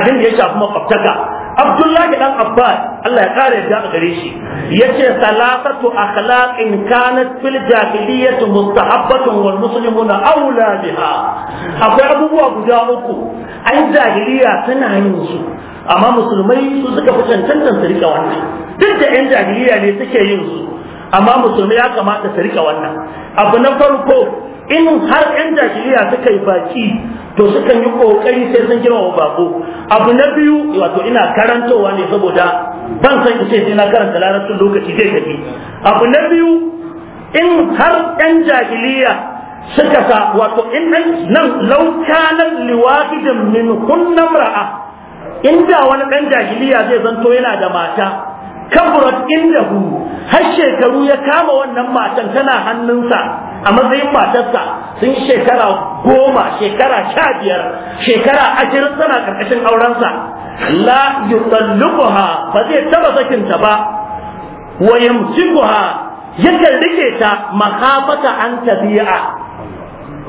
abin da ya shafi makwabtaka abdullahi dan abbas Allah ya kare ga gare shi yace salatatu in kanat fil jahiliyyah mustahabbatun wal muslimuna awla biha akwai abubuwa guda uku ai jahiliya tana yin su amma musulmai su suka fi cancantan su wannan duk da yan jahiliya ne suke yin su amma musulmai ya kamata su rika wannan abu na farko in har 'yan jahiliya suka yi baki to sukan yi kokari sai sun girma bako abu na biyu wato ina karantowa ne saboda ban san in sai na karanta larabcin lokaci zai tafi abu na biyu in har 'yan jahiliya suka sa wato in nan laukanan liwahidin min kunna mar'a inda wani ɗan jahiliya zai zanto yana da mata kaburat indahu har shekaru ya kama wannan matan tana hannunsa a matsayin matarsa sun shekara goma shekara sha biyar shekara ashirin tana karkashin aurensa la yutalliquha ba zai taba sakinta ba wa yamsikuha yakan rike ta makafata an tabi'a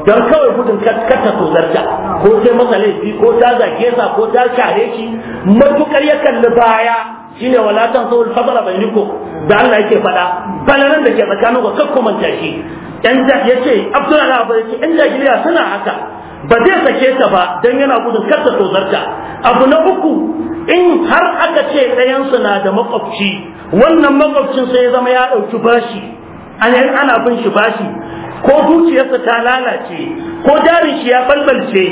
don kawai gudun kata ko zarta ko sai masa laifi ko ta zage sa ko ta share shi matukar ya kalli baya shine wala tan sawul fadala bainakum da Allah yake faɗa balanan da ke tsakanin ku kakko manta shi yan da yace Abdullahi Abu yace yan jahiliya suna haka ba zai sake ta ba dan yana gudun kar ta tozarta abu na uku in har aka ce ɗayan na da makwabci wannan makwabcin sai ya zama ya ɗauki bashi ana bin shi bashi ko zuciyarsa ta lalace ko jarin shi ya balbalce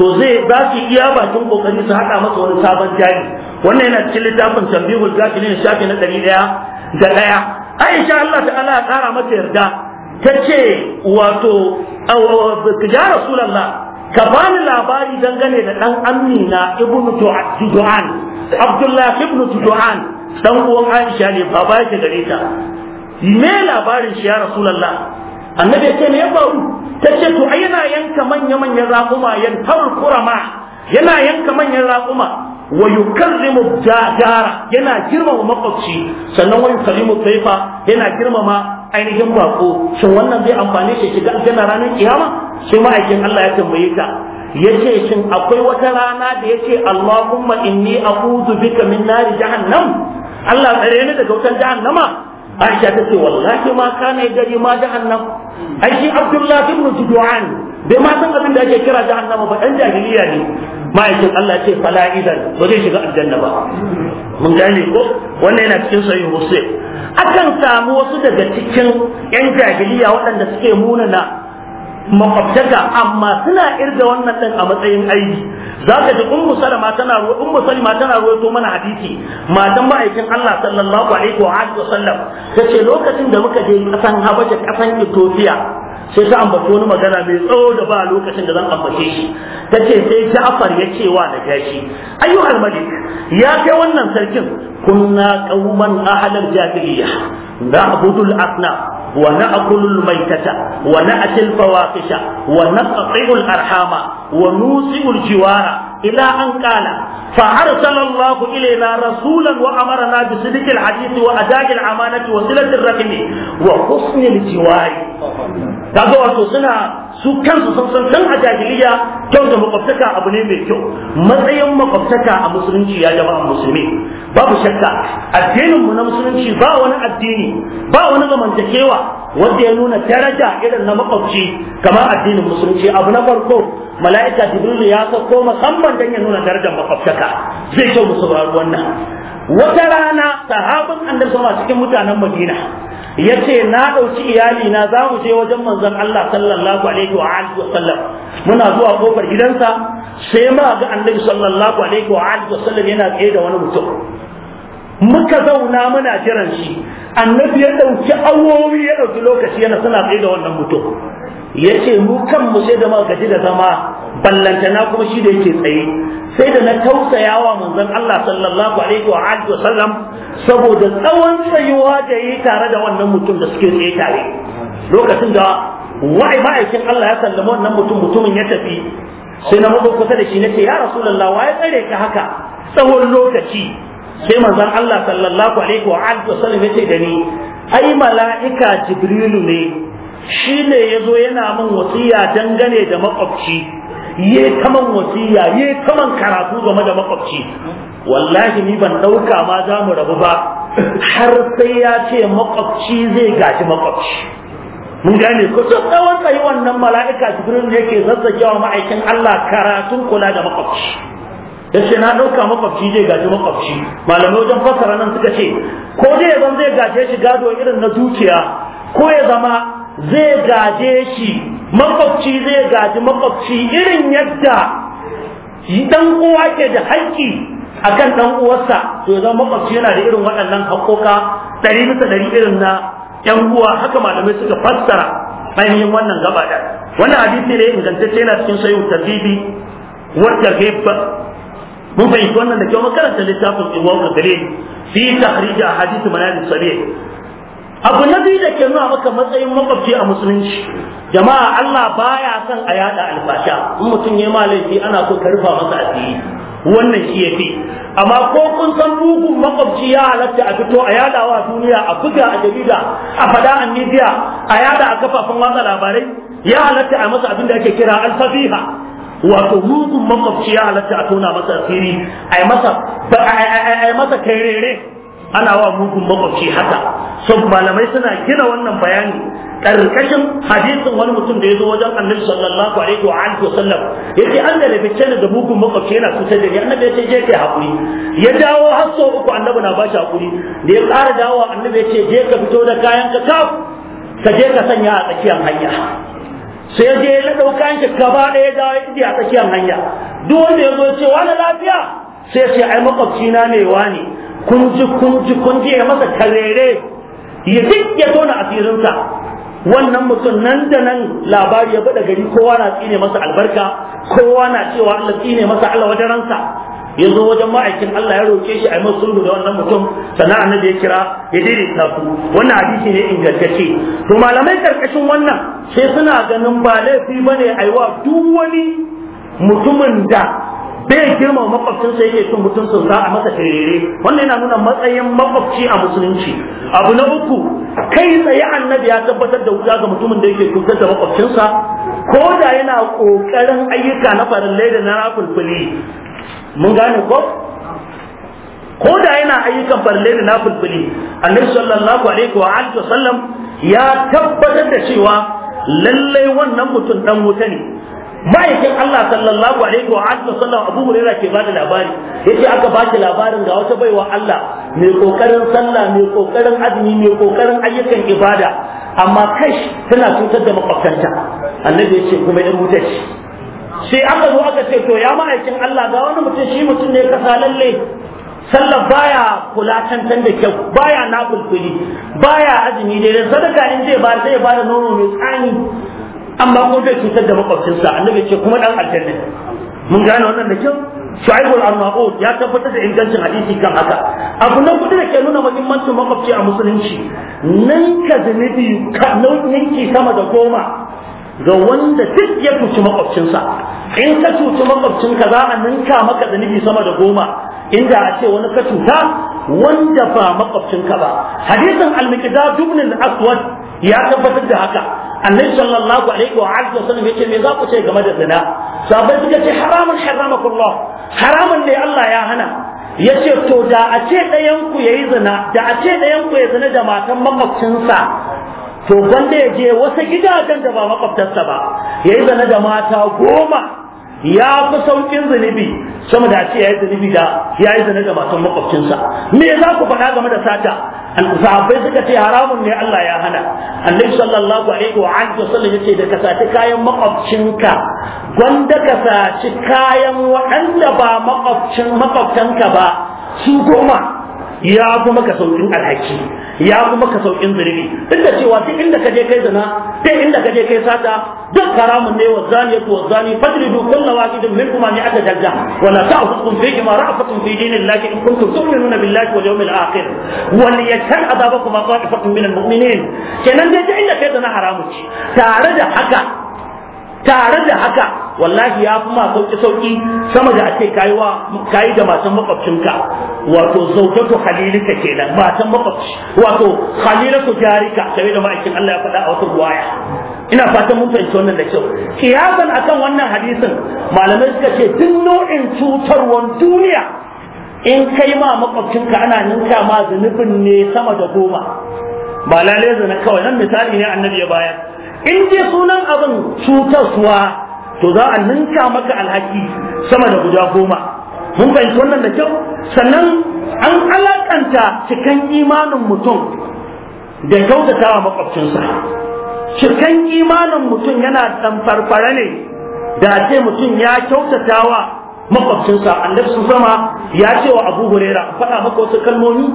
to zai za su iya bakin kokari su haɗa masa wani sabon jari wannan yana cikin littafin tambihul zakinin shafi na ɗari ɗaya da ɗaya aisha Allah ta'ala ya ƙara mata yarda ta ce wato ya rasulallah ka bani labari dangane da ɗan amina ibnu tudu'an abdullahi ibnu tudu'an dan uwan aisha ne baba yake gare ta me labarin shi ya rasulallah annabi ce me ya ta ce to ai yana yanka manya manyan raƙuma yan yana yanka manyan raƙuma wa yukallimu jara yana girmama makwabci sannan wa yukallimu taifa yana girmama ainihin bako shin wannan zai amfane shi shiga aljanna ranar kiyama sai ma'aikin Allah ya tambaye ta yace shin akwai wata rana da yace Allahumma inni a'udhu bika min nari jahannam Allah tsare ni daga wutar jahannama Aisha ta ce wallahi ma kana gari ma jahannam ai shi Abdullah ibn Judu'an bai ma san abin da ake kira jahannama ba dan jahiliya ne ma'aikin Allah ce fala idan ba zai shiga aljanna ba mun gane ko wannan yana cikin sahih muslim akan samu wasu daga cikin yan jahiliya waɗanda suke munana makwabtaka amma suna irga wannan din a matsayin aiki za ka ji ummu salama tana ruwa ummu salima tana to mana hadisi matan ma'aikin Allah sallallahu alaihi wa wa sallam tace lokacin da muka je kasan Habasha kasan Ethiopia sai ta ambaci wani magana mai tsawo da ba lokacin da zan ambace shi ta ce sai Ja'far ya ce wa da gashi ayyuhal malik ya kai wannan sarkin kunna qauman ahlal jahiliyya na'budul asna wa na'kulul maitata wa na'til fawaqisha wa naqti'ul arhama wa nusi'ul jiwara إلى أن قال فأرسل الله إلينا رسولا وأمرنا بصدق الحديث وأداء الأمانة وصلة الرحم وحسن الجوار kaga wato suna su kansu sun san a jahiliya kyau da makwabtaka abu ne mai kyau matsayin makwabtaka a musulunci ya jama'a musulmi babu shakka addinin mu na musulunci ba wani addini ba wani zamantakewa wanda ya nuna daraja irin na makwabci kamar addinin musulunci abu na farko mala'ika jibril ya sauko musamman dan ya nuna darajar makwabtaka zai kyau mu saurari wannan wata rana sahabin annabi cikin mutanen madina ya ce na ɗauki iyalina za mu je wajen manzon Allah sallallahu alaihi wa alihi wa sallam muna zuwa kofar gidansa sai ma ga annabi sallallahu alaihi wa alihi wa sallam yana tsaye da wani mutum muka zauna muna jiran shi annabi ya ɗauki awowi ya ɗauki lokaci yana suna tsaye da wannan mutum Ya ce mu kanmu sai da muka gaji da zama ballantana kuma shi da yake tsaye sai da na tausaya wa manzon Allah sallallahu alaihi wa alihi wa sallam saboda tsawon tsayuwa da yi tare da wannan mutum da suke tsaye tare lokacin da wai ma'aikin Allah ya sallama wannan mutum mutumin ya tafi sai na mazo kusa da shi nace ya rasulullah wa ya tsare ka haka tsawon lokaci sai manzon Allah sallallahu alaihi wa alihi wa sallam ya ce da ni ai mala'ika jibrilu ne shi ne ya zo yana min wasiya dangane da makwabci ye kaman wasiya ye kaman karatu game da makwabci wallahi ni ban ɗauka ma za mu rabu ba har sai ya ce makwabci zai gashi makwabci mun gane ko to tsawon tsayi wannan mala'ika jibril ne ke wa ma'aikin Allah karatun kula da makwabci yace na ɗauka makwabci zai gaji makwabci malamai wajen fassara nan suka ce ko dai zan zai gaje shi gado irin na dukiya ko ya zama zai gaje shi makwabci zai gaji makwabci irin yadda dan uwa ke da haƙƙi akan dan uwarsa to zama makwabci yana da irin waɗannan haƙƙoƙa ɗari bisa ɗari irin na ƴan uwa haka malamai suka fassara ainihin wannan gaba da wannan hadisi ne ingantacce yana cikin sayu tabibi wata gefa mun fahimci wannan da kyau makaranta littafin imamu kabir fi a hadisi manal sabi abu na biyu da ke nuna maka matsayin makwabci a musulunci jama'a Allah baya son a yada albasha in mutum ya laifi ana so ka rufa masa asiri wannan shi ya fi amma ko kun san bugun makwabci ya halatta a fito a yadawa duniya a buga a jarida a fada a media a yada a kafafen watsa labarai ya halatta a masa abin da ake kira alfafiha wato mugun makwabci ya halatta a tona masa asiri a masa kairere ana wa mugun makwabci haka sun malamai suna gina wannan bayani karkashin hadisin wani mutum da ya zo wajen annabi sallallahu alaihi wa alihi wasallam yace an da lafice da mugun makwabci yana cutar da ni annabi yace je kai hakuri ya dawo har sau uku annabi na ba shi hakuri da ya ƙara dawo annabi yace je ka fito da kayan ka kaf ka je ka sanya a tsakiyar hanya sai je ya ɗau kayan ka gaba ɗaya dawo ya a tsakiyar hanya duk wanda ya zo ce wani lafiya sai ce ai makwabci na ne wani kunji kunji kunji ya masa karere ya duk ya tona asirinsa wannan mutum nan da nan labari ya bada gari kowa na tsine masa albarka kowa na cewa Allah tsine masa Allah wajen ransa ya zo wajen ma'aikin Allah ya roke shi a yi sulhu da wannan mutum sannan annabi ya kira ya daidaita ku wannan hadisi ne ingantacce to malamai karkashin wannan sai suna ganin ba laifi bane aiwa duk wani mutumin da bai girma makwabcin sa yake cin mutuncin sa a masa tarere wannan yana nuna matsayin makwabci a musulunci abu na uku kai tsaye annabi ya tabbatar da wuya ga mutumin da yake cutar da makwabcinsa ko da yana kokarin ayyuka na farallai da na rafulfuli mun gane ko ko da yana ayyukan farallai da na fulfuli annabi sallallahu alaihi wa alihi sallam ya tabbatar da cewa lallai wannan mutum dan wuta ne ma'aikin Allah sallallahu alaihi wa alihi wasallam Abu Huraira ke bada labari yace aka baki labarin ga wata baiwa Allah mai kokarin sallah mai kokarin azumi mai kokarin ayyukan ibada amma kash tana cutar da makwabtanta annabi yace kuma yan wuta sai aka zo aka ce to ya ma'aikin Allah ga wani mutum shi mutum ne kasa lalle sallah baya kula tantan da kyau baya nakulkuli baya azumi dai sadaka in zai ba zai ba da nono mai tsani amma ko zai cutar da makwabcinsa annabi ce kuma dan aljanna mun gane wannan da kyau al arnaud ya tabbatar da ingancin hadisi kan haka abu na kudu da ke nuna muhimmancin makwabci a musulunci nan ka zanibi ka sama da goma ga wanda duk ya cuci makwabcinsa in ka cuci makwabcinka za a ninka maka zanibi sama da goma inda a ce wani ka cuta wanda ba makwabcinka ba hadisin al-miqdad ibn al-aswad ya tabbatar da haka annabi sallallahu alaihi wa alihi wasallam yace me za ku ce game da zina sabai suka ce haramun haramakullah haramun ne Allah ya hana yace to da a ce ɗayan ku yayi zina da a ce ɗayan ku yayi zina da matan makwabcinsa to gwanda ya je wasu gidajen da ba makwabtarsa ba yayi zina da mata goma ya fi saukin zunubi sama da ce ya yi zunubi da ya yi zunubi da matan makwabcinsa me za ku faɗa game da sata bai suka ce haramun ne Allah ya hana annabi sallallahu alaihi wa alihi wa sallam yace da ka saci kayan makwabcinka gwanda ka saci kayan waɗanda ba makwabcin makwabtanka ba su goma ya fi maka saukin alhaki ya fi maka saukin zurbi duk da cewa duk inda ka je kai zina duk inda ka je kai sata duk haramun ne wa zaniyatu wa zani fajridu kullu wahidin minkum an ya'ta jalda wa la ta'khudhukum fihi ma ra'afatun fi dinillahi in kuntum tu'minuna billahi wal yawmil akhir wa liyashhad adabakum ta'ifatun min almu'minin kenan dai duk inda kai zina haramun ce tare da haka tare da haka wallahi ya fi ma sauki sauki sama da ake kaiwa kai da matan makwabcinka wato zautatu halilika kenan matan makwabci wato halilatu jarika sai da ma'aikin Allah ya faɗa a wata ruwaya ina fatan mun fahimci wannan da kyau kiyasan akan wannan hadisin malamai suka ce duk nau'in cutarwan duniya in kai ma makwabcinka ana ninka ma zunubin ne sama da goma ba lalle kawai nan misali ne annabi ya bayar in je sunan abin suwa. to za a ninka maka alhaki sama da guda goma mun fahimci wannan da kyau sannan an alakanta cikan imanin mutum da kyautata wa makwabcinsa cikan imanin mutum yana farfara ne da ce mutum ya kyautata wa makwabcinsa annabi sun sama ya ce wa abu huraira faɗa maka wasu kalmomi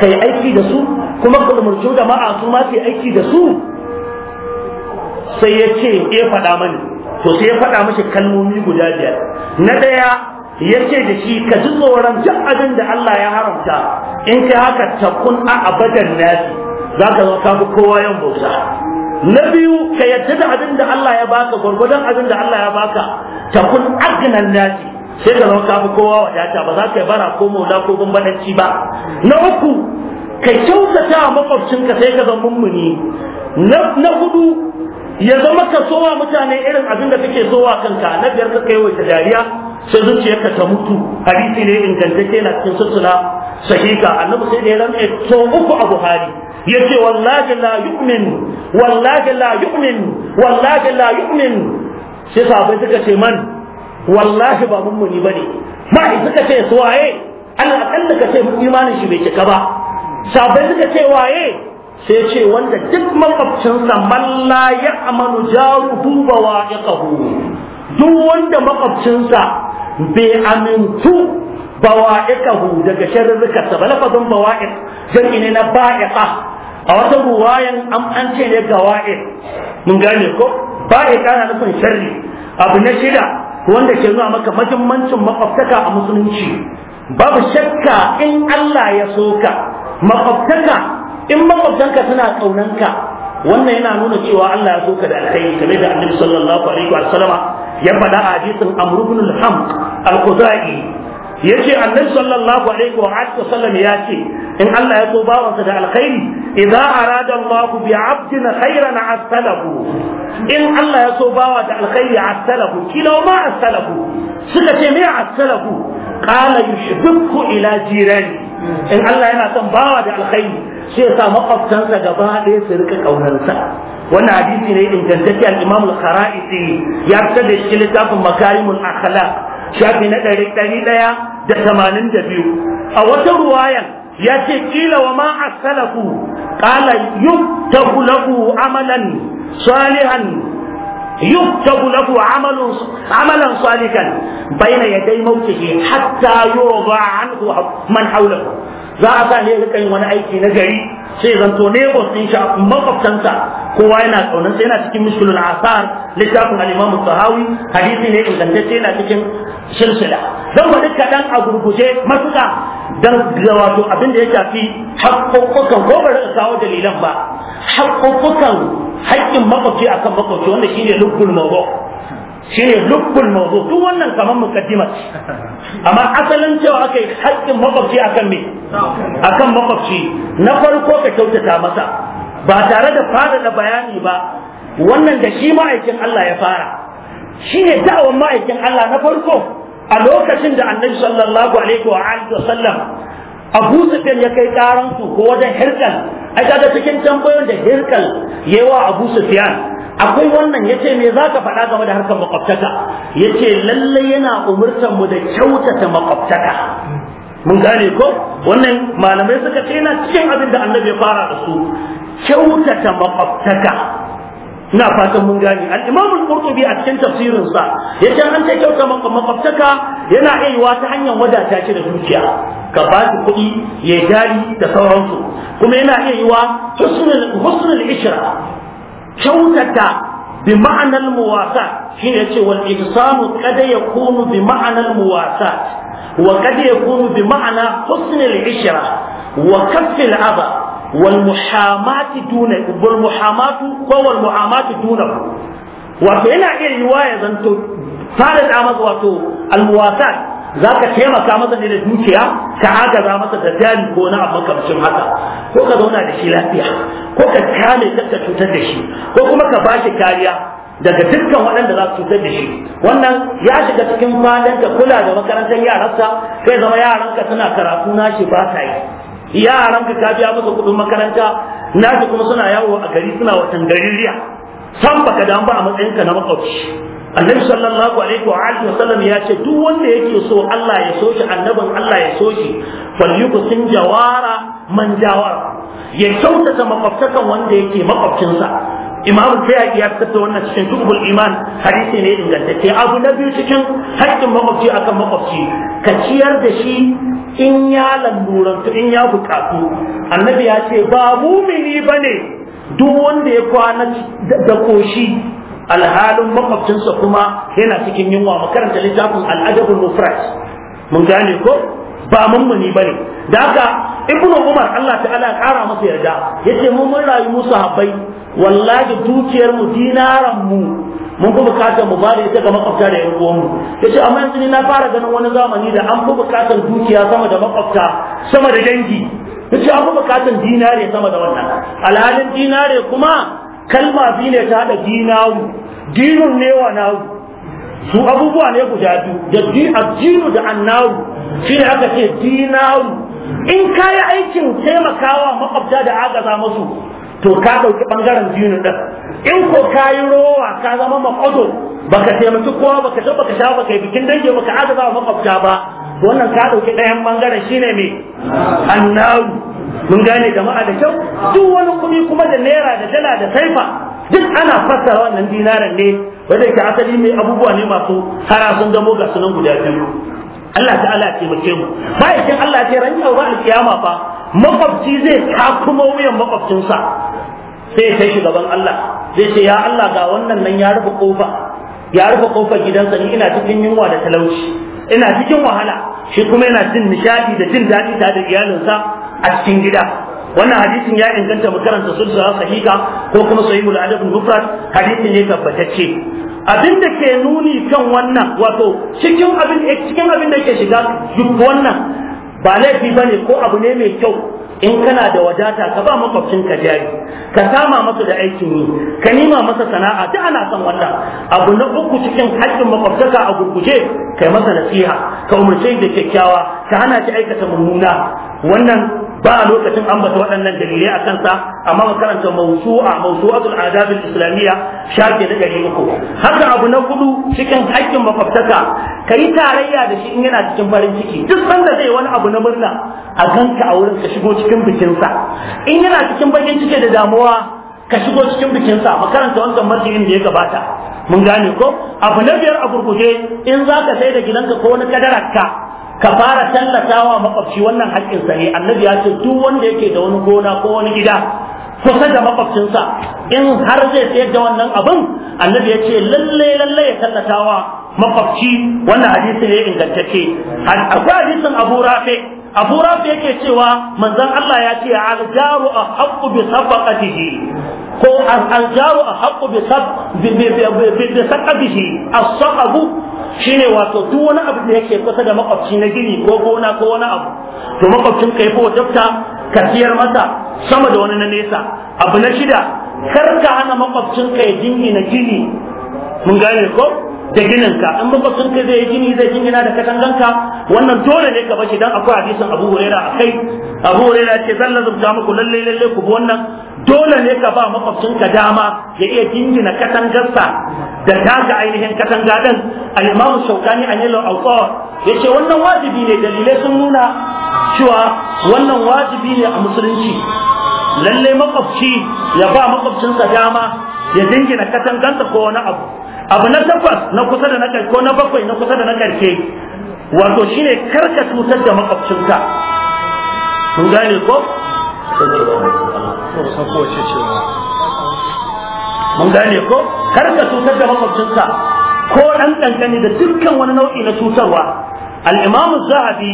ka yi aiki da su kuma ka umarci jama'a su ma su aiki da su sai ya ce ya eh, faɗa mani to sai ya faɗa mashi kalmomi guda biyar na ɗaya ya ce da shi ka ji tsoron duk abin da Allah ya haramta in ka haka takun a abadan nasi za ka zo kafi kowa yan bauta na biyu ka yadda da abin da Allah ya baka gwargwadon abin da Allah ya baka takun agnan nasi sai ka zo kafi kowa wadata ba za ka yi bara ko maula ko bambanci ba na uku ka kyautata makwabcinka sai ka zama mummuni na hudu ya zama ka sowa mutane irin abin da kake sowa kanka na biyar ka kai wata dariya sai zuciyarka ta mutu hadisi ne ingantacce na cikin sussuna sahiha annabi sai da ya rantsa to uku a buhari yace wallahi la yu'min wallahi la yu'min wallahi la yu'min sai sahabbai suka ce man wallahi ba mun muni bane mai suka ce so waye Allah akalla ka ce imanin shi bai cika ba sahabbai suka ce waye sai ce wanda duk makwabcinsa Malla la ya amanu jaruhu ba wa duk wanda makwabcinsa bai amintu ba wa daga sharrukansa ba lafazin ba wa'iq jami'i na ba'iqa a wata ruwayan an ce ne ga wa'iq mun gane ko ba'iqa na nufin sharri abu na shida wanda ke nuna maka mahimmancin makwabtaka a musulunci babu shakka in Allah ya soka makwabtaka in makwabtanka suna kaunanka wannan yana nuna cewa Allah ya so ka da alkhairi kamar da Annabi sallallahu alaihi wa sallama ya faɗa a hadisin Amr ibn al-Ham al-Khuzai yace Annabi sallallahu alaihi wa sallam ya ce in Allah ya so bawansa da alkhairi idza arada Allah bi 'abdin khairan asalahu in Allah ya so bawa da alkhairi asalahu kila ma asalahu suka ce me asalahu qala yushibbu ila jirani in Allah yana son bawa da alkhairi shi ya sa makwabtansa gaba ɗaya su rika ƙaunarsa wannan hadisi ne ingantacce al-Imam al-Khara'isi ya fitar da shi littafin makarimul akhlaq shafi na ɗari ɗari ɗaya da tamanin da biyu a wata ruwayan ya ce kila wa ma asalaku qala yuktabu lahu amalan salihan يكتب له عمل عملا صالحا بين يدي موته حتى يرضى عنه من حوله za a sa ne ya rika wani aiki na gari sai zanto ne din shi makwabtansa kowa yana tsaunin sai yana cikin mishkulul asar littafin al-imam sahawi hadisi ne ingantacce yana cikin silsila dan wani kaɗan a gurguje matuka dan wato abin da ya shafi hakkokan ko ba kawo dalilan ba haƙƙuƙukan haƙƙin makwabci akan makwabci wanda shi ne shine lubbul shi ne lubbul mawdu duk wannan kamar muqaddima ce amma asalin cewa aka yi haƙƙin makwabci akan me akan makwabci na farko ka kyautata masa ba tare da faɗaɗa bayani ba wannan da shi ma'aikin Allah ya fara shi ne da'awar ma'aikin Allah na farko a lokacin da annabi sallallahu alaihi wa sallam abu sufyan ya kai karan ko wajen hirkal ai kaga cikin tambayoyin da hirkal yawa abu sufyan akwai wannan ya yace me ka faɗa game da harkar makwabtaka ce lalle yana umurtar mu da kyautata makwabtaka mun gane ko wannan malamai suka ce yana cikin abin da annabi ya fara da su kyautata makwabtaka ina fatan mun gane al-imam al-qurtubi a cikin tafsirin sa yace an ce kyauta makwabtaka yana aiwa ta hanyar wadata shi da dukiya ka ba shi kuɗi ya jari da sauransu kuma yana aiwa husnul husnul ishra kyautata bi ma'anar muwasa shine yace wal ihsanu kada yakunu bi ma'anar muwasa bi ma'ana بمعنى حسن wa وكف الأذى wal muhamati duna wato yana iya yiwa ya zanto fara da masa wato almuwasat za ka taimaka masa ne da dukiya ka agaza masa da jari ko na abu haka ko ka zauna da shi lafiya ko ka kame ka cutar da shi ko kuma ka bashi kariya daga dukkan waɗanda za su cutar da shi wannan ya shiga cikin fadan ka kula da makarantar yaransa kai zama yaranka suna karatu na shi ba sa yaran ka ta biya musu kuɗin makaranta na nasu kuma suna yawo a gari suna watan gaririya san baka damu ba a matsayinka na makwabci annabi sallallahu alaihi wa alihi wasallam ya ce duk wanda yake so Allah ya so shi annabin Allah ya so shi falyuqsim jawara man jawara ya kyautata makwabtakan wanda yake makwabcinsa imam bayyaki ya fitar wannan cikin dubul iman hadisi ne ingantacce abu na biyu cikin haƙƙin makwabci akan makwabci ka ciyar da shi in ya to in ya bukatu annabi ya ce ba mumini bane duk wanda ya kwana da koshi alhalin makwabcinsa kuma yana cikin yunwa makaranta littafin al'adabul mufrad mun gane ko ba mummuni bane da haka ibnu umar Allah ta'ala kara masa yarda yace mu mun rayu mu sahabbai wallahi dukiyar mu dinaran mu mun fi bukatar mu bada ita ga makwabta da yan Ya yace amma yanzu ne na fara ganin wani zamani da an fi bukatar dukiya sama da makwabta sama da dangi ce an fi bukatar dinare sama da wannan alhalin dinare kuma kalma biyu ne ta haɗa dinaru dinun ne wa naru su abubuwa ne guda biyu da addinu da annaru shi ne aka ce dinaru in kayi aikin taimakawa makwabta da agaza musu to ka ɗauki bangaren dinin ɗin in ko ka yi rowa ka zama maƙwazo baka taimaki kowa baka sha baka sha baka bikin dange baka adaba makwabta ba to wannan ka dauki ɗayan ɓangaren shine me annaru mun gane jama'a da kyau duk wani kuɗi kuma da naira da dala da saifa duk ana fassara wannan dinaran ne wanda yake asali mai abubuwa ne masu hara gamo ga sunan guda biyu Allah ta'ala ya taimake mu yake Allah ya ranya ran yau ba fa makwabci zai takuma wuyan makwabcinsa sai ya shiga gaban Allah zai ce ya Allah ga wannan nan ya rufe kofa ya rufe kofar gidansa ni ina cikin yunwa da talauci ina cikin wahala shi kuma yana jin nishadi da jin daɗi tare da iyalinsa a cikin gida wannan hadisin ya inganta mu karanta sulsa sahiha ko kuma sahihul adab mufrad hadisin ne tabbatacce abin da ke nuni kan wannan wato cikin abin eh, cikin abin da yake shiga duk wannan ba laifi ba ne ko abu ne mai kyau in kana da wadata ka ba makwabcin ka jari ka sama masa da aikin yi ka nima masa sana'a duk ana son wannan abu na uku cikin haƙƙin makwabtaka a gurguje kai masa nasiha ka umarce da kyakkyawa ka hana shi aikata mummuna wannan ba a lokacin ambata waɗannan dalilai a kansa amma makaranta mawsu'a mawsu'atul adab islamiyya shafi na ɗari uku haka abu na hudu cikin haƙƙin makwabtaka kai tarayya da shi in yana cikin farin ciki duk sanda zai wani abu na murna a ganka a wurin ka shigo cikin bikinsa in yana cikin bakin ciki da damuwa ka shigo cikin bikinsa makaranta wancan marjinin da ya gabata mun gane ko abu na biyar a gurguje in zaka ka sai da gidanka ko wani ka ka fara tallatawa makwabci wannan haƙƙinsa ne annabi ya ce duk wanda yake da wani gona ko wani gida kusa da makwabcinsa in har zai sayar da wannan abin annabi ya ce lalle lalle ya tallatawa makwabci wannan hadisi ne ingantacce akwai hadisin abu rafi abu rafi yake cewa manzon Allah ya ce al jaru ahqqu bi sabaqatihi ko aljaru a haƙo bi bishi a saƙabu shi ne wato duk wani abu da yake kusa da makwabci na gini ko gona ko wani abu to makwabcin ka yi ko dabta ka masa sama da wani na nesa abu na shida kar ka hana makwabcin ka ya na gini mun gane ko da ginin ka in makwabcin ka zai yi gini zai jingina da katanganka wannan dole ne ka bashi dan akwai hadisin Abu Hurairah akai Abu huraira ce zan lazumta muku lalle lalle ku bi wannan dole ne ka ba makwabcinka dama ya iya jingina katangarsa da taka ainihin katanga din al-imamu shaukani a nilo alqawar yace wannan wajibi ne dalilai sun nuna cewa wannan wajibi ne a musulunci lalle makwabci ya ba makwabcinsa dama ya jingina katangarsa ko wani abu abu na takwas na kusa da na ko na bakwai na kusa da na karshe wato shine karka cutar da makwabcinka kun gane ko haka kusan kowace cewa mun gane ko kar ka cutar da makwabcinka ko ɗan ƙanƙani da dukkan wani nau'i na cutarwa al-imamu zahabi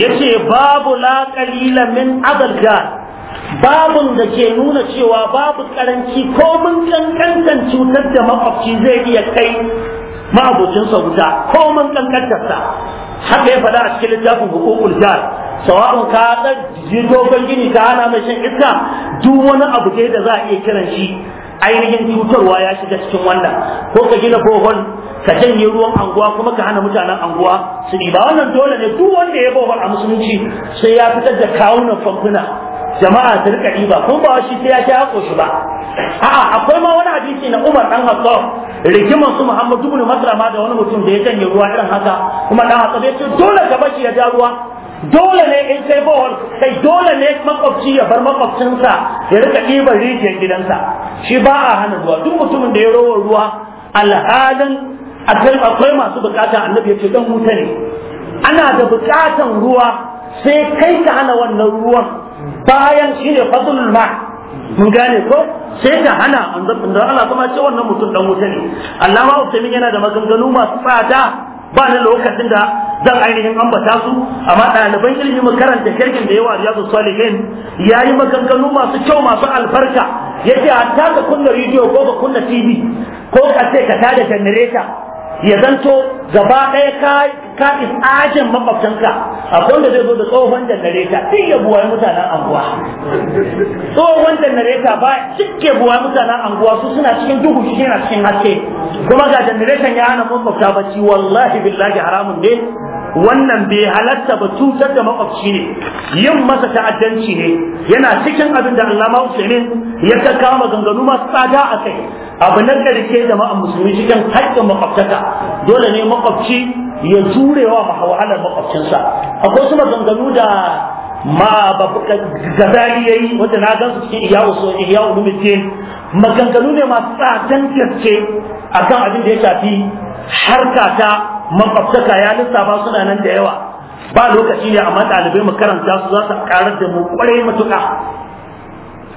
yace babu la qalila min adal jar babun da ke nuna cewa babu karanci ko mun kankantan cutar da makwabci zai iya kai ma'abocinsa wuta ko mun kankantarsa haka ya faɗa a cikin littafin hukukul jar sawa'un ka da jirgin gini ta hana mai shan iska duk wani abu dai da za a iya kiran shi ainihin cutarwa ya shiga cikin wannan ko ka gina bohol ka janye ruwan anguwa kuma ka hana mutanen anguwa su ba wannan dole ne duk wanda ya bohol a musulunci sai ya fitar da kawunan fanfuna jama'a ta rika ɗiba ko ba shi sai ya ta hako shi ba a'a akwai ma wani hadisi na Umar dan Khattab rigimar su Muhammadu ibn Maslama da wani mutum da ya janye ruwa irin haka kuma dan Khattab ya ce dole ka bashi ya ja ruwa dole ne in sai bohol kai dole ne makwabci ya bar makwabcinsa ya rika ɗiban rijiyar gidansa shi ba a hana ruwa duk mutumin da ya rowa ruwa alhalin akwai masu bukatan annabi ya ce don wuta ne ana da bukatan ruwa sai kai ka hana wannan ruwan bayan shi ne fadlul ma mun gane ko sai ka hana manzon Allah kuma ce wannan mutum dan wuta ne Allah ma yana da maganganu masu tsada ba ni lokacin da zan ainihin ambata su amma ɗaliban ilimin karanta kirkin da yawa riyadu salihin yayi maganganu masu kyau masu albarka yace hatta ka kunna rediyo ko ka kunna tv ko ka ce ka tada janareta, ya zanto gaba ɗaya ka ka ajin makwabtanka akwai da zai zo da tsohon janareta duk ya buwa mutanen anguwa tsohon janareta ba cike buwa mutanen anguwa su suna cikin duhu shi yana cikin haske kuma ga janaretan ya hana makwabta bacci wallahi billahi haramun ne wannan bai halatta ba cutar da makwabci ne yin masa ta'addanci ne yana cikin abin da Allah Usaimin ya kama ganganu masu tsada a kai abu na karshe jama'an musulmi cikin haƙƙin makwabtaka dole ne makwabci ya jurewa mahawalar makwabcinsa akwai su maganganu da ma gazali yayi wanda na gansu cikin iyawu so iyawu lumitin maganganu ne masu tsadan gaske akan abin da ya shafi harka ta makwabtaka ya lissafa suna nan da yawa ba lokaci ne amma ɗalibai makaranta su za su karar da mu kwarai matuƙa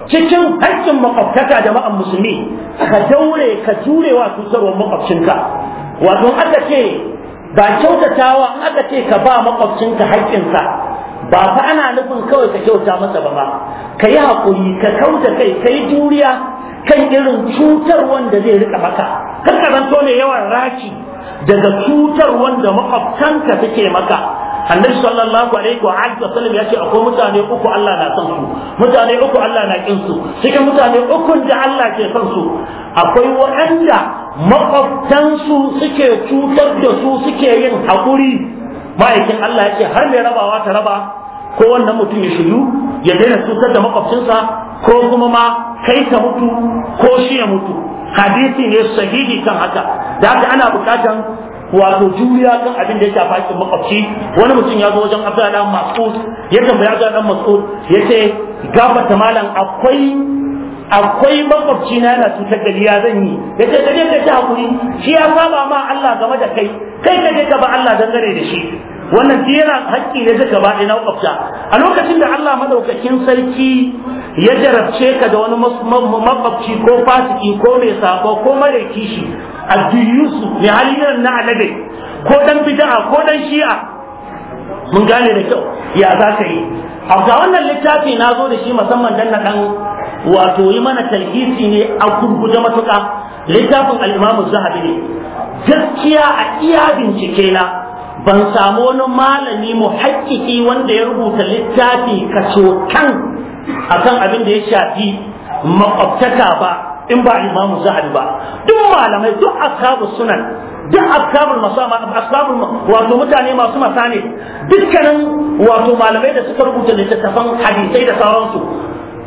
cikin haƙƙin makwabtaka jama'an musulmi ka daure ka jurewa cutarwar makwabcinka wato aka ce ba kyautatawa in aka ce ka ba makwabcinka haƙƙinsa ba fa ana nufin kawai ka kyauta masa ba ba ka yi haƙuri ka kauta kai ka yi juriya kan irin cutar wanda zai rika maka kan karanto ne yawan raki daga cutar wanda makwabtanka suke maka annabi sallallahu alaihi wa alihi wasallam ya ce akwai mutane uku Allah na son su mutane uku Allah na kin su cikin mutane uku da Allah ke son su akwai waɗanda makwabtansu suke cutar da su suke yin haƙuri ma'aikin Allah ya ce har mai rabawa ta raba ko wannan mutum ya shiru ya daina cutar da makwabcinsa ko kuma ma kai ta mutu ko shi ya mutu hadisi ne sahihi kan haka da haka ana bukatan wato juriya kan abin da ya shafa makwabci wani mutum ya zo wajen abdullahi dan mas'ud ya tambaya abdullahi dan mas'ud ya ce gafarta malam akwai akwai makwabci na yana cutar da zan yi ya ce da je ka ci hakuri shi ya saba ma Allah game da kai kai ka je ka ba Allah dangane da shi wannan shi yana haƙƙi ne duka ba na a lokacin da Allah madaukakin sarki ya jarabce ka da wani maƙwabci ko fasiki ko mai sako ko mare kishi a duyusu mai halin na alade ko dan bid'a ko dan shi'a mun gane da kyau ya za ka yi a wannan littafi na zo da shi musamman dan na dan wato yi mana talhisi ne a gurguje matuƙa littafin al-Imam Zahabi ne gaskiya a iya bincike na ban samu wani malami mu wanda ya rubuta littafi kaso kan akan abin da ya shafi makwabtaka ba in ba imamu zahabi ba duk malamai duk ashabu sunan duk ashabul masama ashabul wato mutane masu masane dukkanin wato malamai da suka rubuta littattafan hadisai da sauransu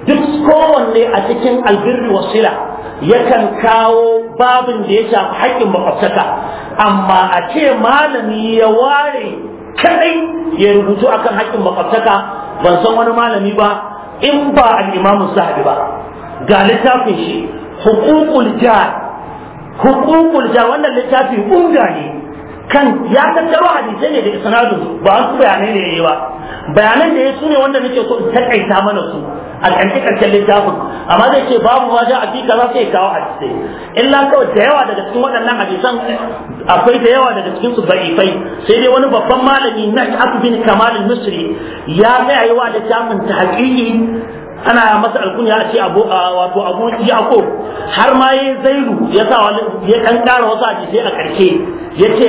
duk kowanne a cikin albirri wasila yakan kawo babin da ya shafi haƙƙin makwabtaka amma a ce malami ya ware kadai ya rubutu akan haƙƙin makwabtaka ban san wani malami ba in ba al-imamu sahabi ba ga littafin shi hukukul jar hukukul jar wannan littafin bunga ne kan ya tattaro hadisai ne da isnadu ba su bayanai ne ba bayanan da ya su ne wanda nake so in takaita mana su a ƙarshe ƙarshen littafin amma zai ce babu ma a fi kaza sai kawo a cikin illa kawai da yawa daga cikin waɗannan hadisan akwai da yawa daga cikin su ba'ifai sai dai wani babban malami na abu bin kamal misri ya tsaya yi da littafin ta haƙiƙi ana masa alkunya a ce abu wato abu yaqub har ma yayi zairu ya sa ya dan wasu a karshe yace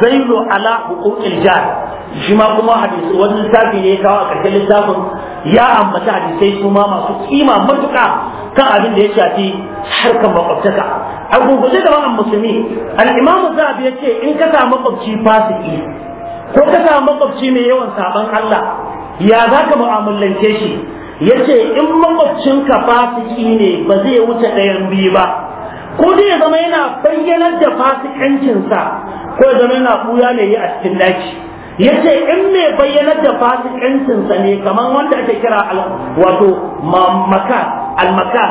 zairu ala huquqil jar shi ma kuma hadisi wani littafi ne kawo a ƙarshen littafin ya ambaci hadisai su ma masu kima matuƙa kan abin da ya shafi harkar makwabtaka a gurguje da wa'an musulmi al'imamu zabi ya ce in ka samu makwabci fasiki ko ka samu makwabci mai yawan saban Allah ya za ka mu'amalance shi ya ce in makwabcinka fasiki ne ba zai wuce ɗayan biyu ba ko dai ya zama yana bayyanar da fasikancinsa ko ya zama yana ɓuya ne a cikin daki yace in mai bayyanar da fasikancinsa ne kamar wanda ake kira wato maka almaka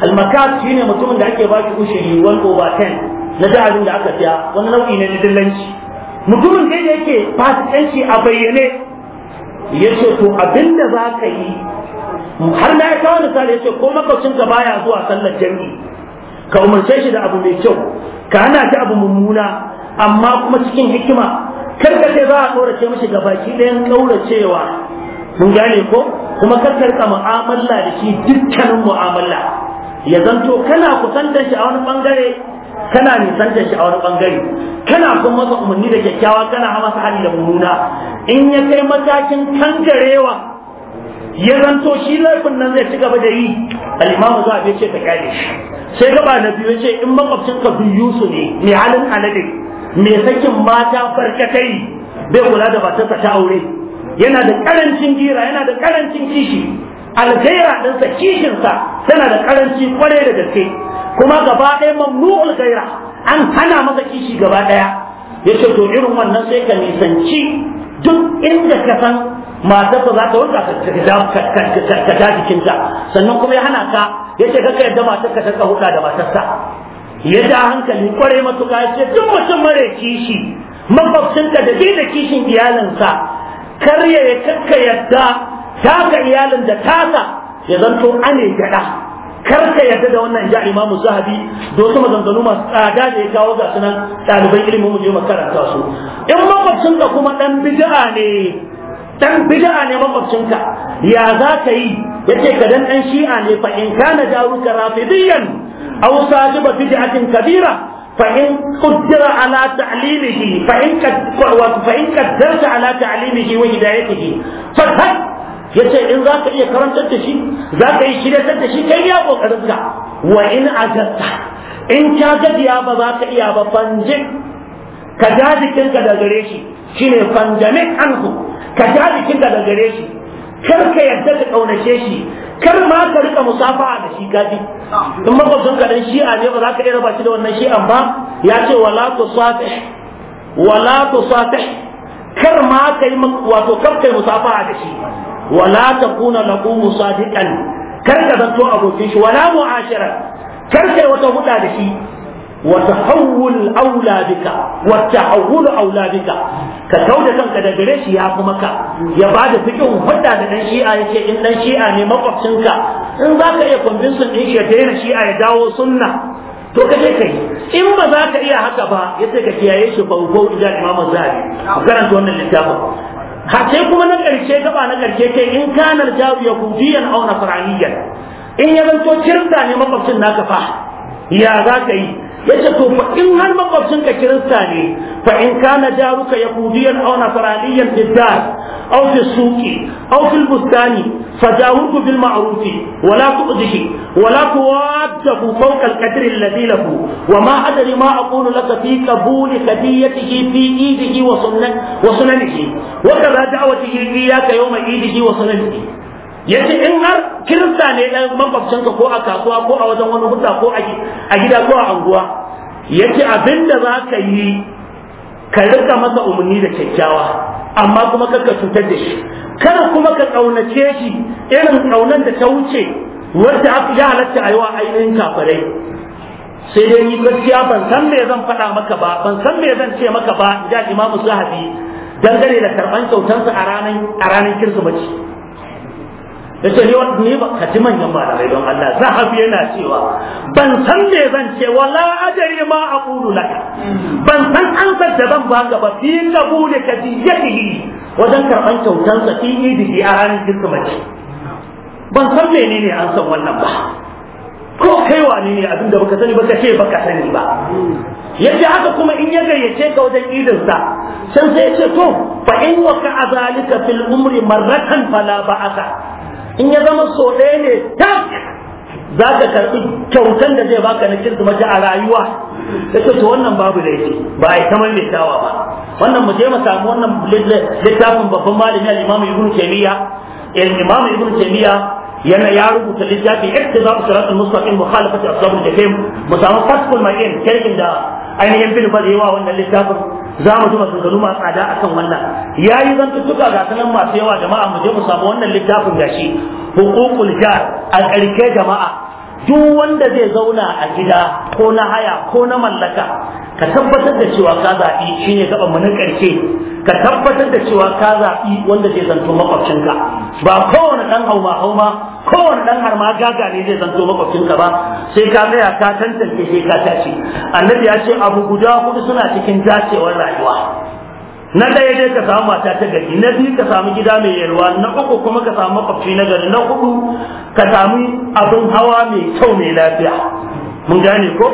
almaka shine mutumin da ake ba shi ushiri wal over ten na abin da aka siya wani nau'i ne na dillanci mutumin da yake fasikanci a bayyane yace to abinda za ka yi har na ya kawo misali yace ko ka baya zuwa sallar jami'i ka umarce shi da abu mai kyau ka hana shi abu mummuna amma kuma cikin hikima karka ce za a kaurace mashi ga baki ɗayan kauracewa mun gane ko kuma karkar ka mu'amala da shi dukkanin mu'amala ya zanto kana kusantar shi a wani bangare kana nisantar shi a wani bangare kana kun masa umarni da kyakkyawa kana masa hali da mummuna in ya kai matakin kankarewa ya zanto shi laifin nan zai ci gaba da yi al'imamu za a ce ta kyale shi sai gaba na biyu ce in makwabcinka biyu su ne mai halin alade Mai sakin mata barkatai bai kula da matarsa ta aure yana da karancin gira yana da karancin kishi algaira ɗinsa kishinsa tana da karanci kwarai da gaske kuma gaba ɗaya mamnu'ul gaira an hana masa kishi gaba ɗaya ya to irin wannan sai ka nisanci duk inda ka san matarsa za ta wanka ka ta jikinta sannan kuma ya hana ka yace ce kaka yadda ka ta huda da matarsa ya da hankali kwarai matuƙa ce duk mutum mara kishi ka da bai da kishin iyalinsa kar ya kakka yadda taka iyalin da tasa ya zanto ane gaɗa kar ka yadda da wannan ja imamu zahabi da wasu maganganu masu tsada da ya kawo ga sunan ɗaliban ilimin mu je makaranta su in ka kuma ɗan bid'a ne dan bid'a ne makwabcinka ya za ka yi yace ka dan ɗan shi'a ne fa in kana jaruka rafidiyan أو صاحب بدعة كبيرة فإن قدر على تعليمه فإن فإن قدرت على تعليمه وهدايته فاذهب yace in za ka iya karantar da shi za ka yi shiryatar da shi kai ya kokarin ka wa in ajatta in ka gajiya ba za iya ba fanje ka shi shine fanjame anhu ka ja jikinka shi kar ka yarda ka kaunace shi kar ma ka rika musafaha da shi gadi. in makwabcin sun dan shi'a ne ba za ka iya raba shi da wannan shi'an ba ya ce wala tusafih wala tusafih kar ma kai wato kar kai musafaha da shi wala takuna lahu musadiqan kar ka zanto abokin shi wala mu'ashara kar kai wata huda da shi وتحول أولادك وتحول أولادك كتولى كان da غريش يا مكة يا بعد فيكم فدا دان شيعة يكي إن دان شيعة ne makwabcinka in za ka iya convincing ɗin shi ya ya dawo sunna to ka je kai in ba za ka iya haka ba yadda ka kiyaye shi bauko idan imamu zahabi karanta wannan littafin har sai kuma na ƙarshe gaba na ƙarshe kai in kanar jawu yahudiyan auna nasraniyan in ya zanto kirta ne makwabcin naka fa ya za ka yi yace to fa in har makwabcinka kirista ne fa in kana jaruka yahudiyan aw nasraniyan biddar aw fi suqi aw fi bustani فجاوره بالمعروف ولا تؤذه ولا تواده فوق القدر الذي له وما أدري ما أقول لك في قبول هديته في إيده وسننه وكذا دعوته إياك يوم إيده وسننه yace in har kirista ne dan makwabcinka ko a kasuwa ko a wajen wani hudda ko a gida ko a anguwa yace abinda za ka yi ka rika masa umarni da kyakkyawa amma kuma ka cutar da shi kar kuma ka kaunace shi irin kaunar da ta wuce wadda a ya halatta a yi wa ainihin kafirai sai dai ni gaskiya ban san me zan faɗa maka ba ban san me zan ce maka ba da imamu sahabi dangane da karɓan kyautansa a ranar a ranar ya ce ni ba ka ji manyan rai don Allah zahabi yana cewa ban san me zan ce wala ajari ma aqulu laka ban san an da zan baka ba fi qabuli kadiyatihi wajen karban kyautar sa fi idi a ranar kirkimaci ban san menene an san wannan ba ko kai wane ne abin da baka sani baka ce baka sani ba yadda haka kuma in ya gayyace ka wajen idin sa can sai ya ce to fa in waka azalika fil umri marratan fala ba'asa in ya zama so ɗaya ne tak za ka karɓi kyautan da zai baka na kirsimati a rayuwa ya ce to wannan babu laifi ba a yi ta maimaitawa ba wannan mu je mu samu wannan littafin babban malami al-imam ibn taymiya al-imam ibn taymiya yana ya rubuta littafin ittiba'u sirat al-mustaqim mukhalafati asbab al-jahim mu samu fatkul ma'in kirkin da ainihin bin fadi yawa wannan littafin za mu ji maganganu masu tsada akan wannan ya yi zantuttuka ga sanan masu yawa jama'a mu je mu samu wannan littafin gashi hukukul jar a ƙarke jama'a duk wanda zai zauna a gida ko na haya ko na mallaka ka tabbatar da cewa ka zaɓi shine gaban mu na ƙarshe ka tabbatar da cewa ka zaɓi wanda zai zanto makwabcinka ba kowane ɗan hauma hauma kowane dan har ma gaga ne zai zanto makwabcinka ba sai ka tsaya ka tantance sai ka tace annabi ya ce abu guda hudu suna cikin dacewar rayuwa na ɗaya dai ka samu mata ta gari na biyu ka samu gida mai yalwa na uku kuma ka samu makwabci na gari na hudu ka samu abin hawa mai kyau mai lafiya mun gane ko